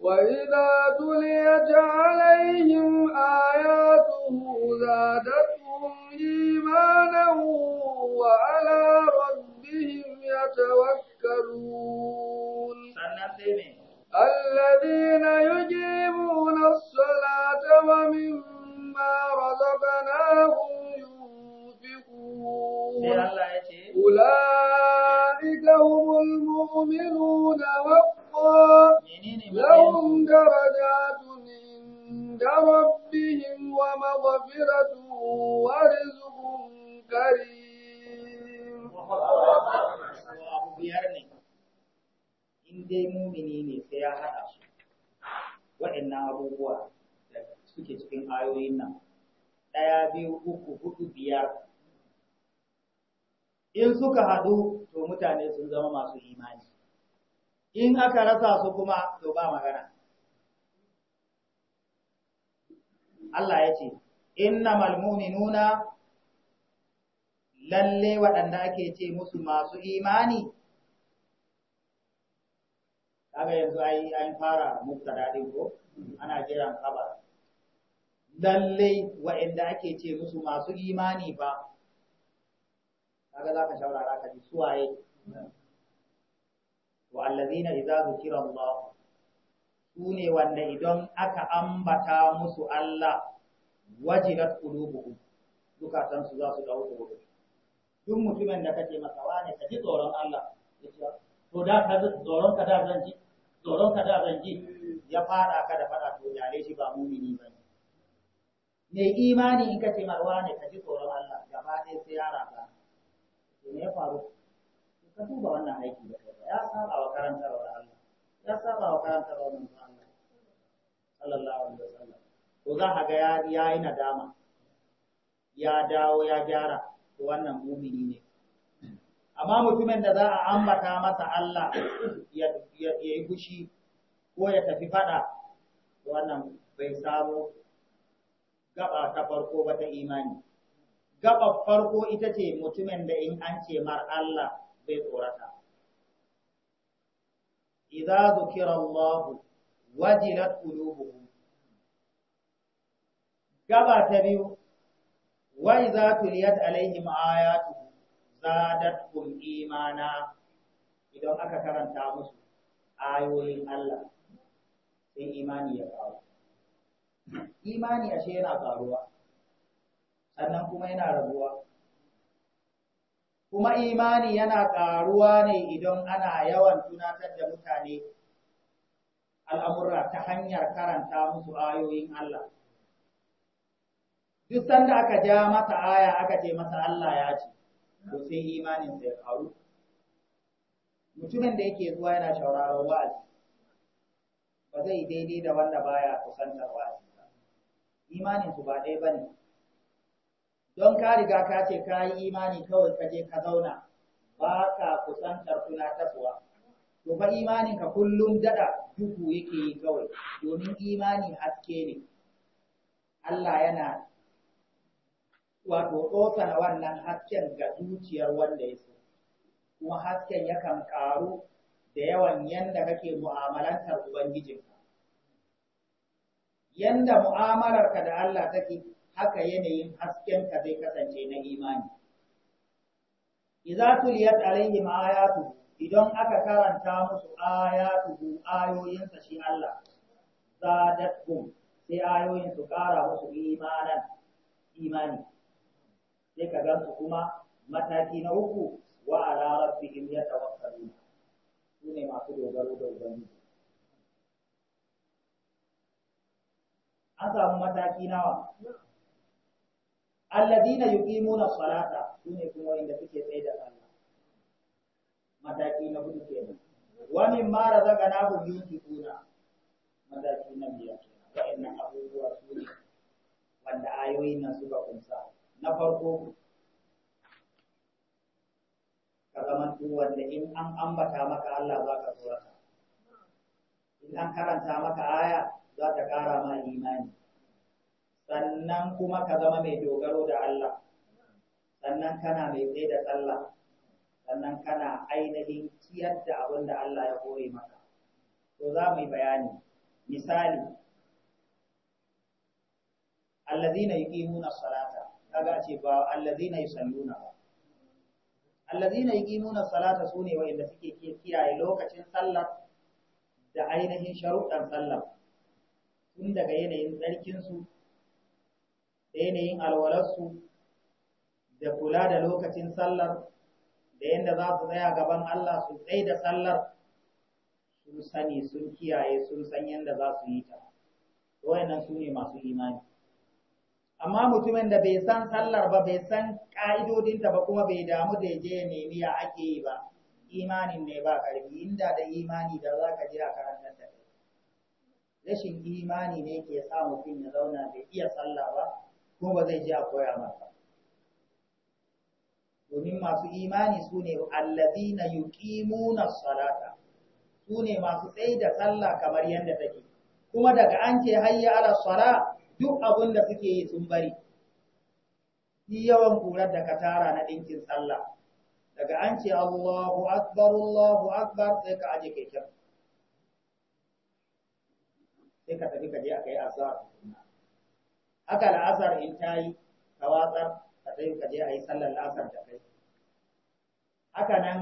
وإذا تليت عليهم آياته زادتهم إيمانا وعلى ربهم يتوكلون الذين يجيبون الصلاة ومما رزقناهم ينفقون أولئك هم المؤمنون وفقا لهم درجات عند ربهم ومغفرة ورزق كريم in dai mumini ne sai ya haɗa su waɗannan abubuwa da suke cikin ayoyin nan ɗaya biyu uku hudu biyar in suka haɗu to mutane sun zama masu imani in aka rasa su kuma to ba magana Allah ya ce innamal mu'minuna lalle waɗanda ake ce musu masu imani kaga yanzu ai an fara mubtada din ko ana jiran khabar lalle wa'anda ake ce musu masu imani ba. kaga zaka shawara ka ji suwaye wa alladhina idza zukira Allah sune wanda idan aka ambata musu Allah wajilat qulubuhum zukatan su za su dawo tsoro duk mutumin da kake masa wane ka ji tsoron Allah to da ka ji tsoron ka da zan ji tsoron ka da ji ya fada ka da fada to yare shi ba mumini ba ne mai imani in ka ce marwa ne ka ji tsoron Allah gaba ɗaya sai yara ba to me ya faru ka duba wannan aiki da kai ya saba wa wa Allah ya saba wa wa manzo Allah sallallahu alaihi wasallam to za ka ga ya yi nadama ya dawo ya gyara to wannan mumini ne amma mutumin da za a ambata masa Allah ya yi fushi ko ya tafi fada wannan bai samu gaba ta farko ba ta imani gaba farko ita ce mutumin da in an ce mar Allah bai tsorata idza zukira Allah wajilat qulubuhum gaba ta biyu wa idza tuliyat alaihim ayatu zadatkum imana idan aka karanta musu ayoyin Allah sai imani ya faru imani ashe yana faruwa sannan kuma yana rabuwa. kuma imani yana ƙaruwa ne idan ana yawan tunatar da mutane al'amura ta hanyar karanta musu ayoyin Allah duk sanda aka ja masa aya aka ce masa Allah ya ce to sai imanin ya karu mutumin da yake zuwa yana shauraron wa'azi ba zai daidai da wanda baya kusantar wa'azi ba imanin ku ba ɗaya bane don ka riga ka ce ka yi imani kawai ka je ka zauna ba ka kusantar tunatarwa to fa imanin ka kullum dada duhu yake yi kawai domin imani haske ne Allah yana wato na wannan hasken ga zuciyar wanda ya so kuma hasken yakan ƙaru da yawan yanda kake mu'amalantar ubangijinka yanda mu'amalar ka da Allah take haka yanayin hasken ka zai kasance na imani idza tuliyat alaihim ayatu idan aka karanta musu ayatu ayoyinsa shi Allah zadatkum sai ayoyin su kara musu imanan imani sai ka su kuma mataki na uku wa ala rabbihim yatawakkalun su ne masu dogaro da ubangiji an samu mataki nawa alladina yuqimuna salata su ne kuma inda suke tsaye da sallah mataki na hudu kenan wa mimma razaqnahum yunfiquna mataki na biyar kenan wa'annan abubuwa su ne wanda ayoyin nan suka kunsa na farko ka zama wanda in an ambata maka Allah za ka tsorata in an karanta maka aya za ta ƙara ma imani sannan kuma ka zama mai dogaro da Allah sannan kana mai tsaye da sallah sannan kana ainihin ciyar da abin da Allah ya kore maka to za mu yi bayani misali allazina yuqimuna salata kaga ce ba allazina yusalluna ba allazina yuqimuna salata sune inda suke kiyaye lokacin sallar da ainihin sharuɗan sallar tun daga yanayin tsarkin su da yanayin alwalarsu da kula da lokacin sallar da yanda za su tsaya gaban Allah su tsaye da sallar sun sani sun kiyaye sun san yadda za su yi ta wayannan su ne masu imani amma mutumin da bai san sallar ba bai san ƙa'idodinta ba kuma bai damu da je ya nemi ya ake yi ba imanin ne ba karfi. inda da imani da za ka ji a karantar da kai rashin imani ne ke sa mutum ya zauna bai iya sallah ba kuma ba zai ji a koya masa domin masu imani su ne allazina yuqimuna salata su ne masu tsaye da sallah kamar yadda take kuma daga an ce hayya ala sala duk abin da suke yi sun bari yi yawan kurar da katara na ɗinkin sallah daga an ce Allahu akbar Allahu akbar sai ka aje kai kyan sai ka tafi ka je aka yi azhar haka la'asar in ta yi ka watsar ka tafi ka je a yi sallar la'asar da kai haka nan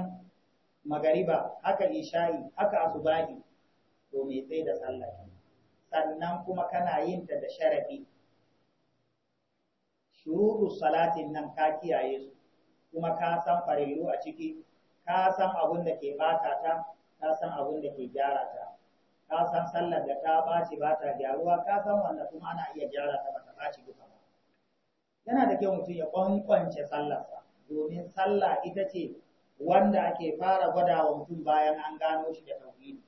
magariba haka isha'i haka asubahi to me sai da sallah sannan kuma kana yin ta da sharafi shuruɗu salatin nan ka kiyaye su kuma ka san farilu a ciki ka san abun da ke bata ta ka san abun da ke gyara ta ka san sallar da ta ɓaci ba ta gyaruwa ka san wanda kuma ana iya gyara ta ba ta ɓaci duka ba yana da kyau mutum ya kwankwance sallarsa domin sallah ita ce wanda ake fara gwada wa mutum bayan an gano shi da tauhidi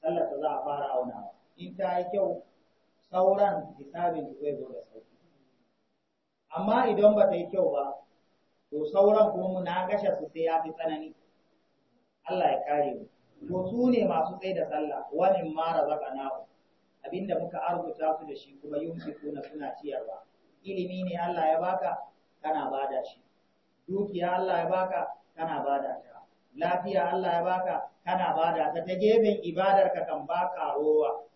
sallar ta za a fara aunawa in ta yi kyau sauran hisabin da zai zo da sauki amma idan ba ta yi kyau ba to sauran kuma gasha su sai ya fi tsanani Allah ya kare mu to su ne masu tsaye da sallah wani mara zaka nawo abinda muka arzuta su da shi kuma kuna suna ciyarwa ilimi ne Allah ya baka kana bada shi dukiya Allah ya baka kana bada ta lafiya Allah ya baka kana bada ta ta gefen ibadarka kan baka rowa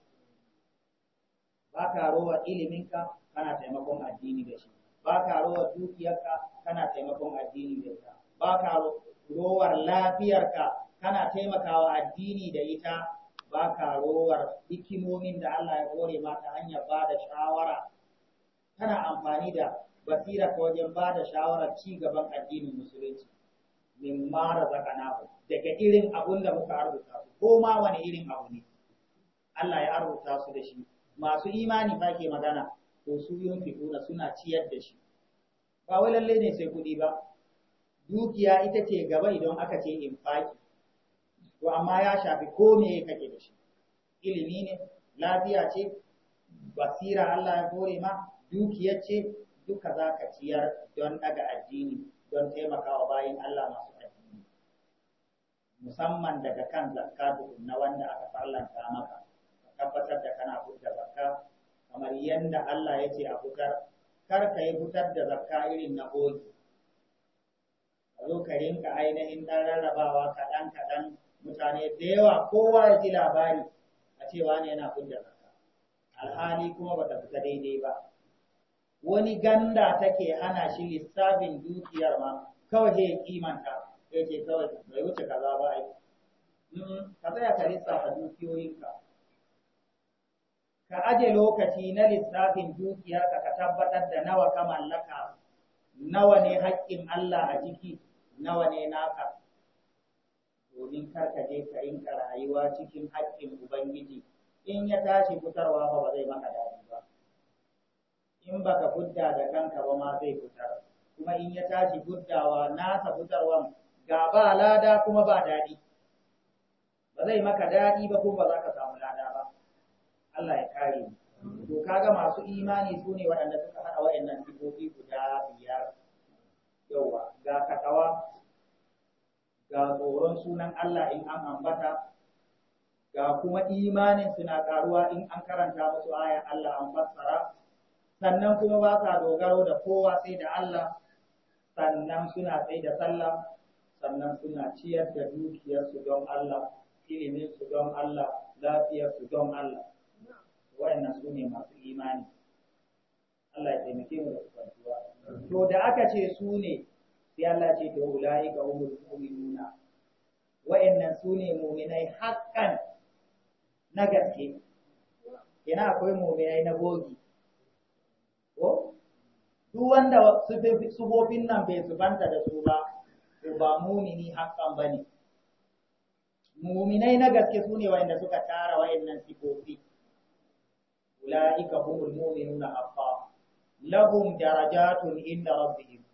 ba ka rowa iliminka kana taimakon addini da shi ba ka rowa dukiyarka kana taimakon addini da ita ba ka rowar lafiyarka kana taimakawa addini da ita ba ka rowar hikimomin da Allah ya kore ma ta hanyar ba da shawara kana amfani da basira ka wajen ba da shawara ci gaban addinin musulunci min mara zakana daga irin abun da muka arzuta su ko ma wani irin abu ne Allah ya arzuta su da shi masu imani ba ke magana to su yunfiquna suna ciyar da shi ba wai lalle ne sai kuɗi ba dukiya ita ce gaba idan aka ce infaki to amma ya shafi ko me kake da shi ilimi ne lafiya ce basira Allah ya kore ma dukiya ce duka za ka ciyar don daga addini don taimakawa bayan Allah masu addini musamman daga kan zakatu na wanda aka farlanta maka tabbatar da kana fitar zakka kamar yadda Allah ya ce a fitar kar ka yi fitar da zakka irin na bogi a ka rinka ainihin ɗan rarrabawa kaɗan kaɗan mutane da yawa kowa ya ji labari a cewa ne yana fitar zakka alhali kuma ba ta fita daidai ba wani ganda take hana shi lissafin dukiyar ma kawai zai kimanta sai ce kawai bai wuce kaza ba ai ka tsaya ka lissafa dukiyoyinka ka aje lokaci na lissafin dukiya ka tabbatar da nawa ka mallaka nawa ne haƙƙin Allah a jiki nawa ne naka domin kar ka je ka rinka rayuwa cikin haƙƙin ubangiji in ya tashi fitarwa ba ba zai maka daɗi ba in ba ka fudda da kanka ba ma zai fitar kuma in ya tashi fuddawa nasa fitarwan ga ba lada kuma ba daɗi ba zai maka daɗi ba kuma ba za ka samu lada Allah ya kare mu to kaga masu imani sune waɗanda suka haɗa waɗannan sifofi guda biyar yawa ga katawa ga tsoron sunan Allah in an ambata ga kuma imanin suna karuwa in an karanta musu aya Allah an fassara sannan kuma ba sa dogaro da kowa sai da Allah sannan suna sai da sallah sannan suna ciyar da dukiyarsu don Allah ilimin su don Allah lafiyar su don Allah waɗannan su ne masu imani Allah ya taimake mu da kwantuwa to da aka ce su ne sai Allah ce to ulai ga umul mu'minuna waɗannan su ne mu'minai haƙƙan na gaske yana akwai mu'minai na bogi ko duk wanda su sufofin nan bai subanta da su ba to ba mumini haƙƙan bane mu'minai na gaske su ne waɗanda suka tara waɗannan sifofi ulaika humul mu'minuna haqqan lahum darajatun inda rabbihim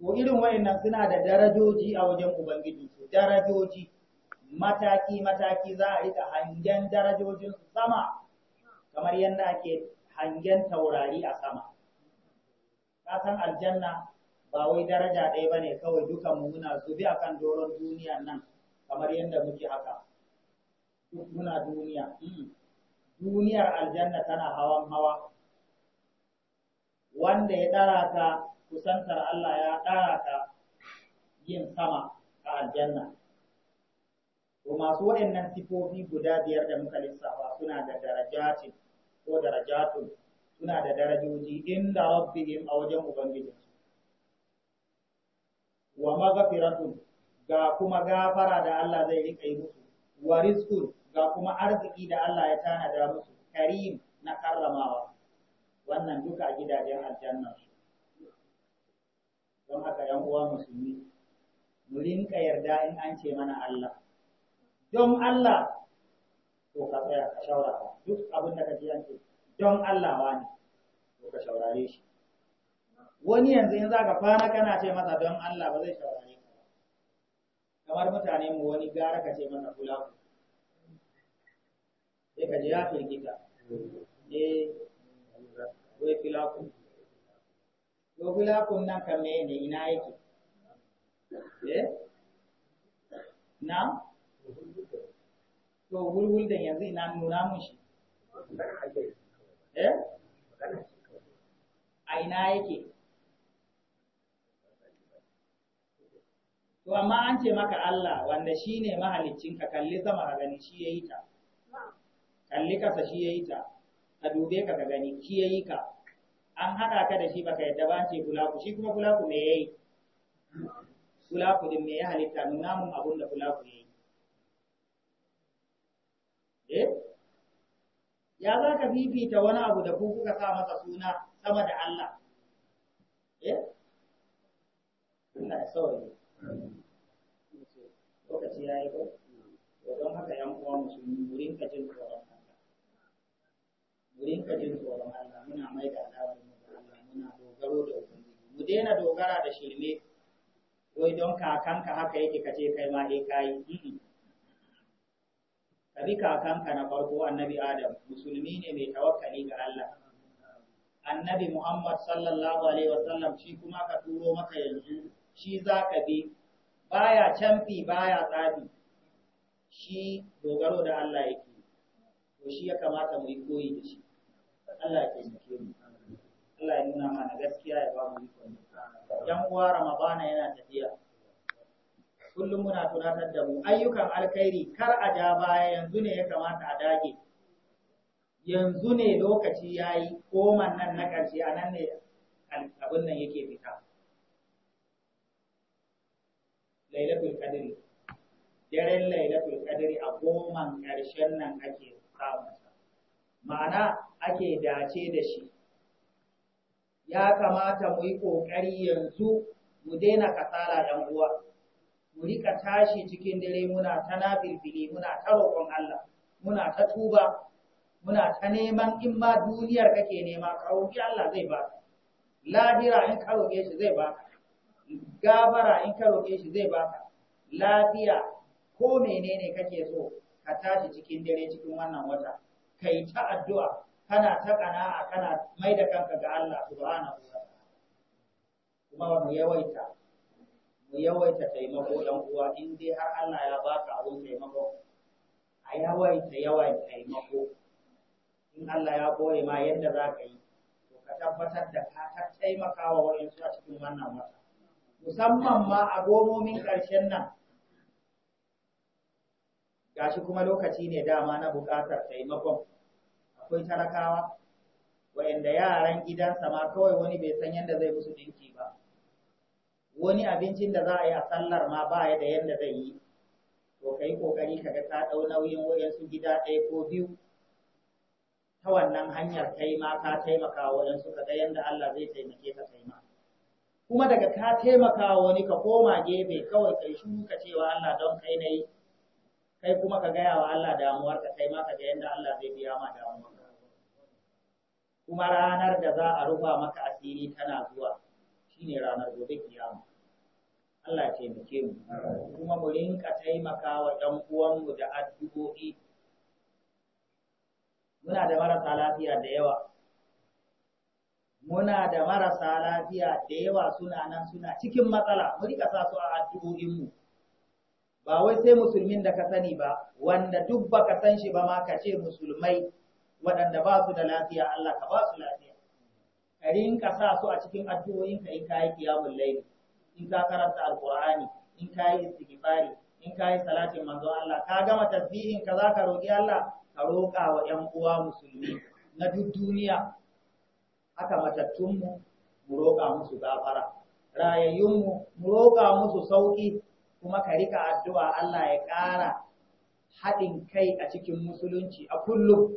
to irin wayannan suna da darajoji a wajen ubangiji su darajoji mataki mataki za a rika hangen darajojin sama kamar yadda ake hangen taurari a sama Ka san aljanna ba wai daraja ɗaya ba ne kawai dukan mu muna zubi kan doron duniya nan kamar yadda muke haka duk muna duniya mm. duniyar aljanna tana hawan hawa wanda ya dara ta kusantar Allah ya dara ta yin sama a aljanna to masu waɗannan sifofi guda biyar da muka lissafa suna da darajatin ko darajatun suna da darajoji inda rabbihim a wajen Ubangiji. wa maghfiratun ga kuma gafara da Allah zai rika yi musu wa rizqun ga kuma arziki da Allah ya tanada musu karim na karramawa wannan duka a gidajen aljanna su don haka yan uwa musulmi mu rinka yarda in an ce mana Allah don Allah to ka tsaya ka shaurara duk abin da kaji yanzu, don Allah wani to ka shaurare shi wani yanzu in za ka kwana kana ce masa don Allah ba zai shaurare ka kamar mutane mu wani gara ka ce masa kula sai ka ji ya firgita eh wai filakun to filakun nan kan me ne ina yake eh na to gulgul da yanzu ina nuna mun shi eh a ina yake to amma an ce maka Allah wanda shine ka, kalli sama ka gani shi yayi ta kalli kasa shi ya yi ta a dube ka ka gani shi yi ka an haɗa ka da shi baka yadda ba ce kulaku shi kuma kulaku me yi, kulaku din me ya halitta nuna namun abun da kulaku yi. eh ya za ka fifita wani abu da ku kuka sa masa suna sama da Allah eh Allah ya saurare lokaci yi ko Wadon haka yan uwa musulmi wurin kajin jin tsoron mu rinka jin tsoron Allah muna mai da al'amarin mu ga Allah muna dogaro da ubangiji mu daina dogara da shirme wai don kakanka haka yake kace kai ma dai kai ka bi kakanka na farko annabi Adam musulmi ne mai tawakkali ga Allah annabi Muhammad sallallahu alaihi wasallam shi kuma ka turo maka yanzu shi za ka bi baya canfi baya tsabi shi dogaro da Allah yake to shi ya kamata mu yi koyi da shi Allah ya taimake mu Allah ya nuna mana gaskiya ya ba mu ikon yan uwa ramadana yana tafiya kullum muna tunatar da mu ayyukan alkhairi kar a ja baya yanzu ne ya kamata a dage yanzu ne lokaci yayi koman nan na ƙarshe a nan ne abin nan yake fita lailatul daren lailatul qadri a goman ƙarshen nan ake samun ma'ana ake dace da shi. Ya kamata mu yi ƙoƙari yanzu mu daina kasala ɗan uwa, mu riƙa tashi cikin dare muna ta nafilfili muna ta roƙon Allah, muna ta tuba, muna ta neman in ma duniyar kake nema ka roƙi Allah zai ba ka, lahira in ka roƙe shi zai ba ka, gabara in ka roƙe shi zai ba ka, lafiya ko menene kake so ka tashi cikin dare cikin wannan wata. ka yi ta addu'a kana ta ƙana'a kana mai da kanka ga Allah subhanahu wa kuma mu yawaita mu yawaita taimako dan uwa in dai har Allah ya baka abun taimako a yawaita yawan taimako in Allah ya kore ma yadda za ka yi to ka tabbatar da ka ta taimaka wa su a cikin wannan wata musamman ma a gomomin ƙarshen nan gashi kuma lokaci ne dama na buƙatar taimakon akwai talakawa wa'anda yaran gidansa ma kawai wani bai san yadda zai musu dinki ba wani abincin da za a yi a sallar ma ba ya da yadda zai yi to kai kokari kaga ka dau nauyin wayansu gida ɗaya ko biyu ta wannan hanyar kai ma ka taimaka wayansu kaga yadda Allah zai taimake ka kai ma kuma daga ka taimaka wani ka koma gefe kawai kai shuka cewa Allah don kai nayi kai kuma ka gaya wa Allah damuwarka kai ma ka ga yadda Allah zai biya ma damuwarka kuma ranar da za a rufa maka asiri tana zuwa shine ranar gobe kiyama Allah ya taimake mu kuma mu rinka taimaka wa ɗan uwanmu da addu'o'i muna da marasa lafiya da yawa muna da marasa lafiya da yawa suna nan suna cikin matsala mu rika sa su a addu'o'inmu ba wai sai musulmin da ka sani ba wanda duk ba ka san shi ba ma ka ce musulmai waɗanda ba su da lafiya Allah ka ba su lafiya ka rinka sa su a cikin addu'o'inka in ka yi qiyamul layl in ka karanta alqur'ani in ka yi istighfari in ka yi salatin manzon Allah ka gama tasbihin ka zaka roki Allah ka roƙa wa ƴan uwa musulmi na duk duniya haka matattunmu mu roƙa musu gafara rayayyunmu mu roƙa musu sauƙi kuma ka rika addu'a Allah ya ƙara haɗin kai a cikin musulunci a kullum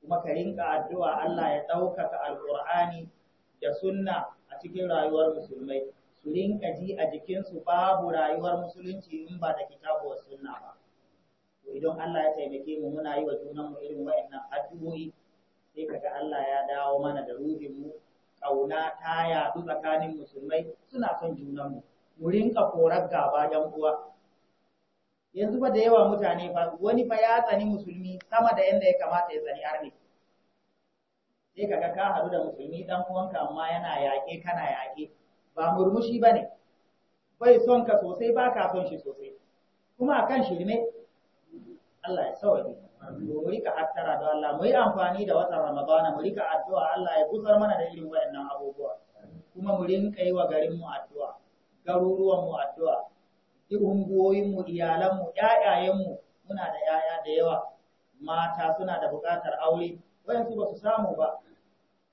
kuma ka rinka addu'a Allah ya ɗaukaka alƙur'ani da sunna a cikin rayuwar musulmai su rinka ji a jikinsu babu rayuwar musulunci in ba da kitabu wa sunna ba to idan Allah ya taimake mu muna yi wa junan mu irin wa'annan addu'o'i sai kaga Allah ya dawo mana da ruhin mu ƙauna ta yaɗu tsakanin musulmai suna son junan mu. mu rinka korar gaba yan uwa yanzu ba da yawa mutane ba wani fa ya tsani musulmi sama da yanda ya kamata ya tsani arni sai kaga ka haɗu da musulmi dan uwanka amma yana yaƙe kana yaƙe ba murmushi ba ne. bai son ka sosai ba ka son shi sosai kuma akan shirme Allah ya sauke mu rika hattara da Allah mu yi amfani da watan Ramadana mu rika addu'a Allah ya kusar mana da irin waɗannan abubuwa kuma mu rinka yi wa garin mu addu'a garuruwanmu addu'a, unguwoyinmu, iyalanmu, ‘ya'yayenmu muna da ‘ya'ya da yawa, mata suna da buƙatar aure, wayansu ba su samu ba,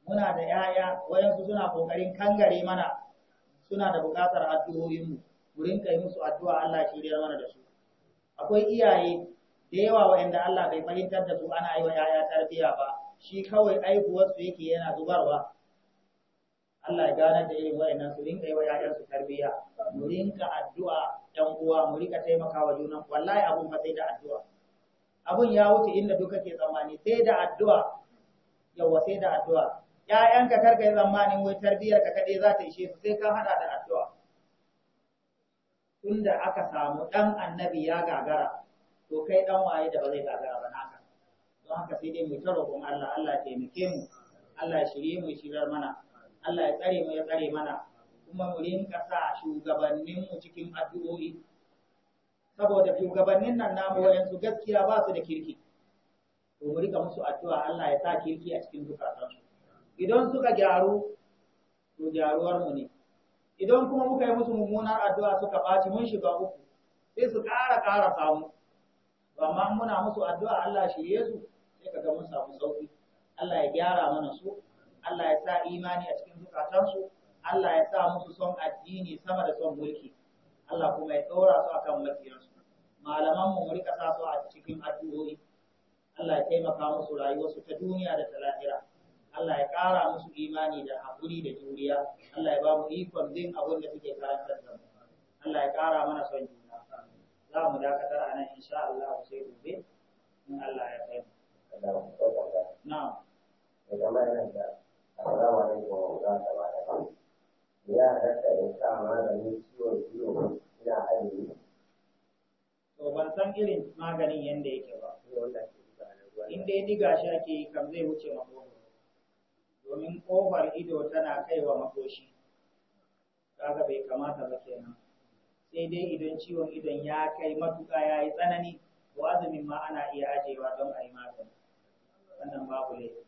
muna da ‘ya'ya, wayansu suna ƙoƙarin kangare mana, suna da buƙatar addu'o'inmu, wurin kai musu addu'a Allah shiryar mana da su. Akwai iyaye da yawa wa’yanda Allah bai fahimtar da su ana yi wa ‘ya'ya tarbiyya ba, shi kawai aihuwarsu yake yana zubarwa. Allah ya gane da irin wayannan su rinka yi wa ƴaƴan su tarbiyya mu rinka addu'a ɗan uwa mu rinka taimakawa juna wallahi abun ba sai da addu'a abun ya wuce inda duka ke tsammani sai da addu'a yawa sai da addu'a ƴaƴanka karka yi tsammani wai tarbiyyar ka kaɗai za ta ishe su sai ka haɗa da addu'a tunda aka samu ɗan annabi ya gagara to kai ɗan waye da ba zai gagara ba naka don haka sai dai mu ta roƙon Allah Allah ya taimake mu Allah ya shirye mu shirar mana Allah ya tsare mu ya tsare mana kuma mu rinka sa shugabannin mu cikin addu'o'i saboda shugabannin nan namu yanzu gaskiya ba su da kirki to mu rika musu addu'a Allah ya sa kirki a cikin su. idan suka gyaru to gyaruwar mu ne idan kuma muka yi musu mummunar addu'a suka ɓaci mun shiga uku sai su ƙara ƙara samu amma muna musu addu'a Allah shirye su sai kaga mun samu sauki Allah ya gyara mana su Allah ya sa imani a cikin zukatansu Allah ya sa musu son addini sama da son mulki Allah kuma ya ɗora su akan makiyansu malaman mu rika sa su a cikin addu'o'i Allah ya taimaka musu rayuwarsu ta duniya da ta lahira Allah ya ƙara musu imani da haƙuri da juriya Allah ya ba mu ikon din abin da suke karantar da mu Allah ya ƙara mana son juna za mu dakatar a nan insha Allah sai gobe in Allah ya kai mu assalamu ya sa ciwon ina to ban san irin maganin yadda yake ba in dai diga shi ake yi kam zai wuce makoshi domin kofar ido tana kaiwa makoshi kaga bai kamata ba kenan sai dai idan ciwon idon ya kai matuƙa ya yi tsanani ko azumin ma ana iya ajewa don a yi magani wannan babu laifi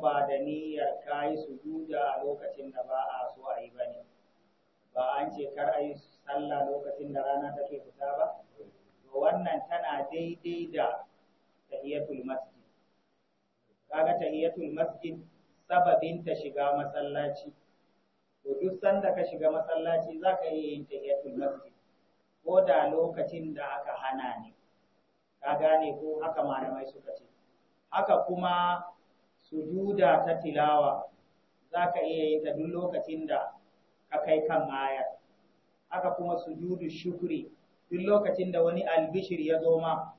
ba da niyyar ka yi sujuda a lokacin da ba a so a yi ba ne ba an ce kar a yi sallah lokacin da rana take fita ba to wannan tana daidai da tahiyatul masjid kaga tahiyatul masjid sababin ta shiga masallaci to duk sanda ka shiga masallaci za ka iya yin tahiyatul masjid ko da lokacin da aka hana ne ka gane ko haka malamai suka ce haka kuma sujuda ta tilawa za ka iya yin ta duk lokacin da ka kai kan ayar haka kuma sujudu shukri duk lokacin da wani albishir ya zo ma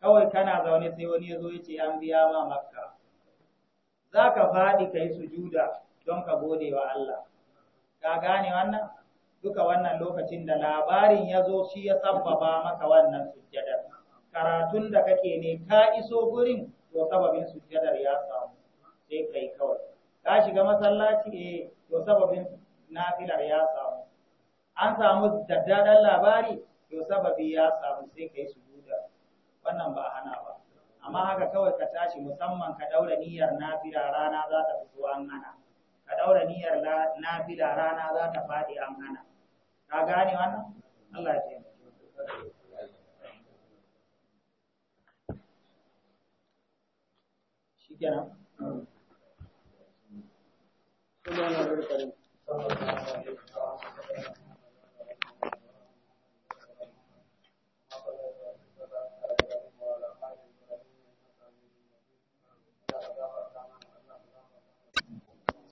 kawai kana zaune sai wani ya zo ya ce an biya ma makka za ka faɗi ka yi sujuda don ka gode wa Allah ka gane wannan duka wannan lokacin da labarin ya zo shi ya sabbaba maka wannan sujjadar karatun da kake ne ka iso gurin to sababin sujjadar ya samu sai kai kawai ka shiga masallaci eh to sababin nafilar ya samu an samu daddadan labari to sababi ya samu sai kai sujuda wannan ba hana ba amma haka kawai ka tashi musamman ka daura niyyar nafila rana za ta fito an hana ka daura niyyar nafila rana za ta faɗi an hana ka gane wannan Allah ya taimake क्या नाम सुबह करें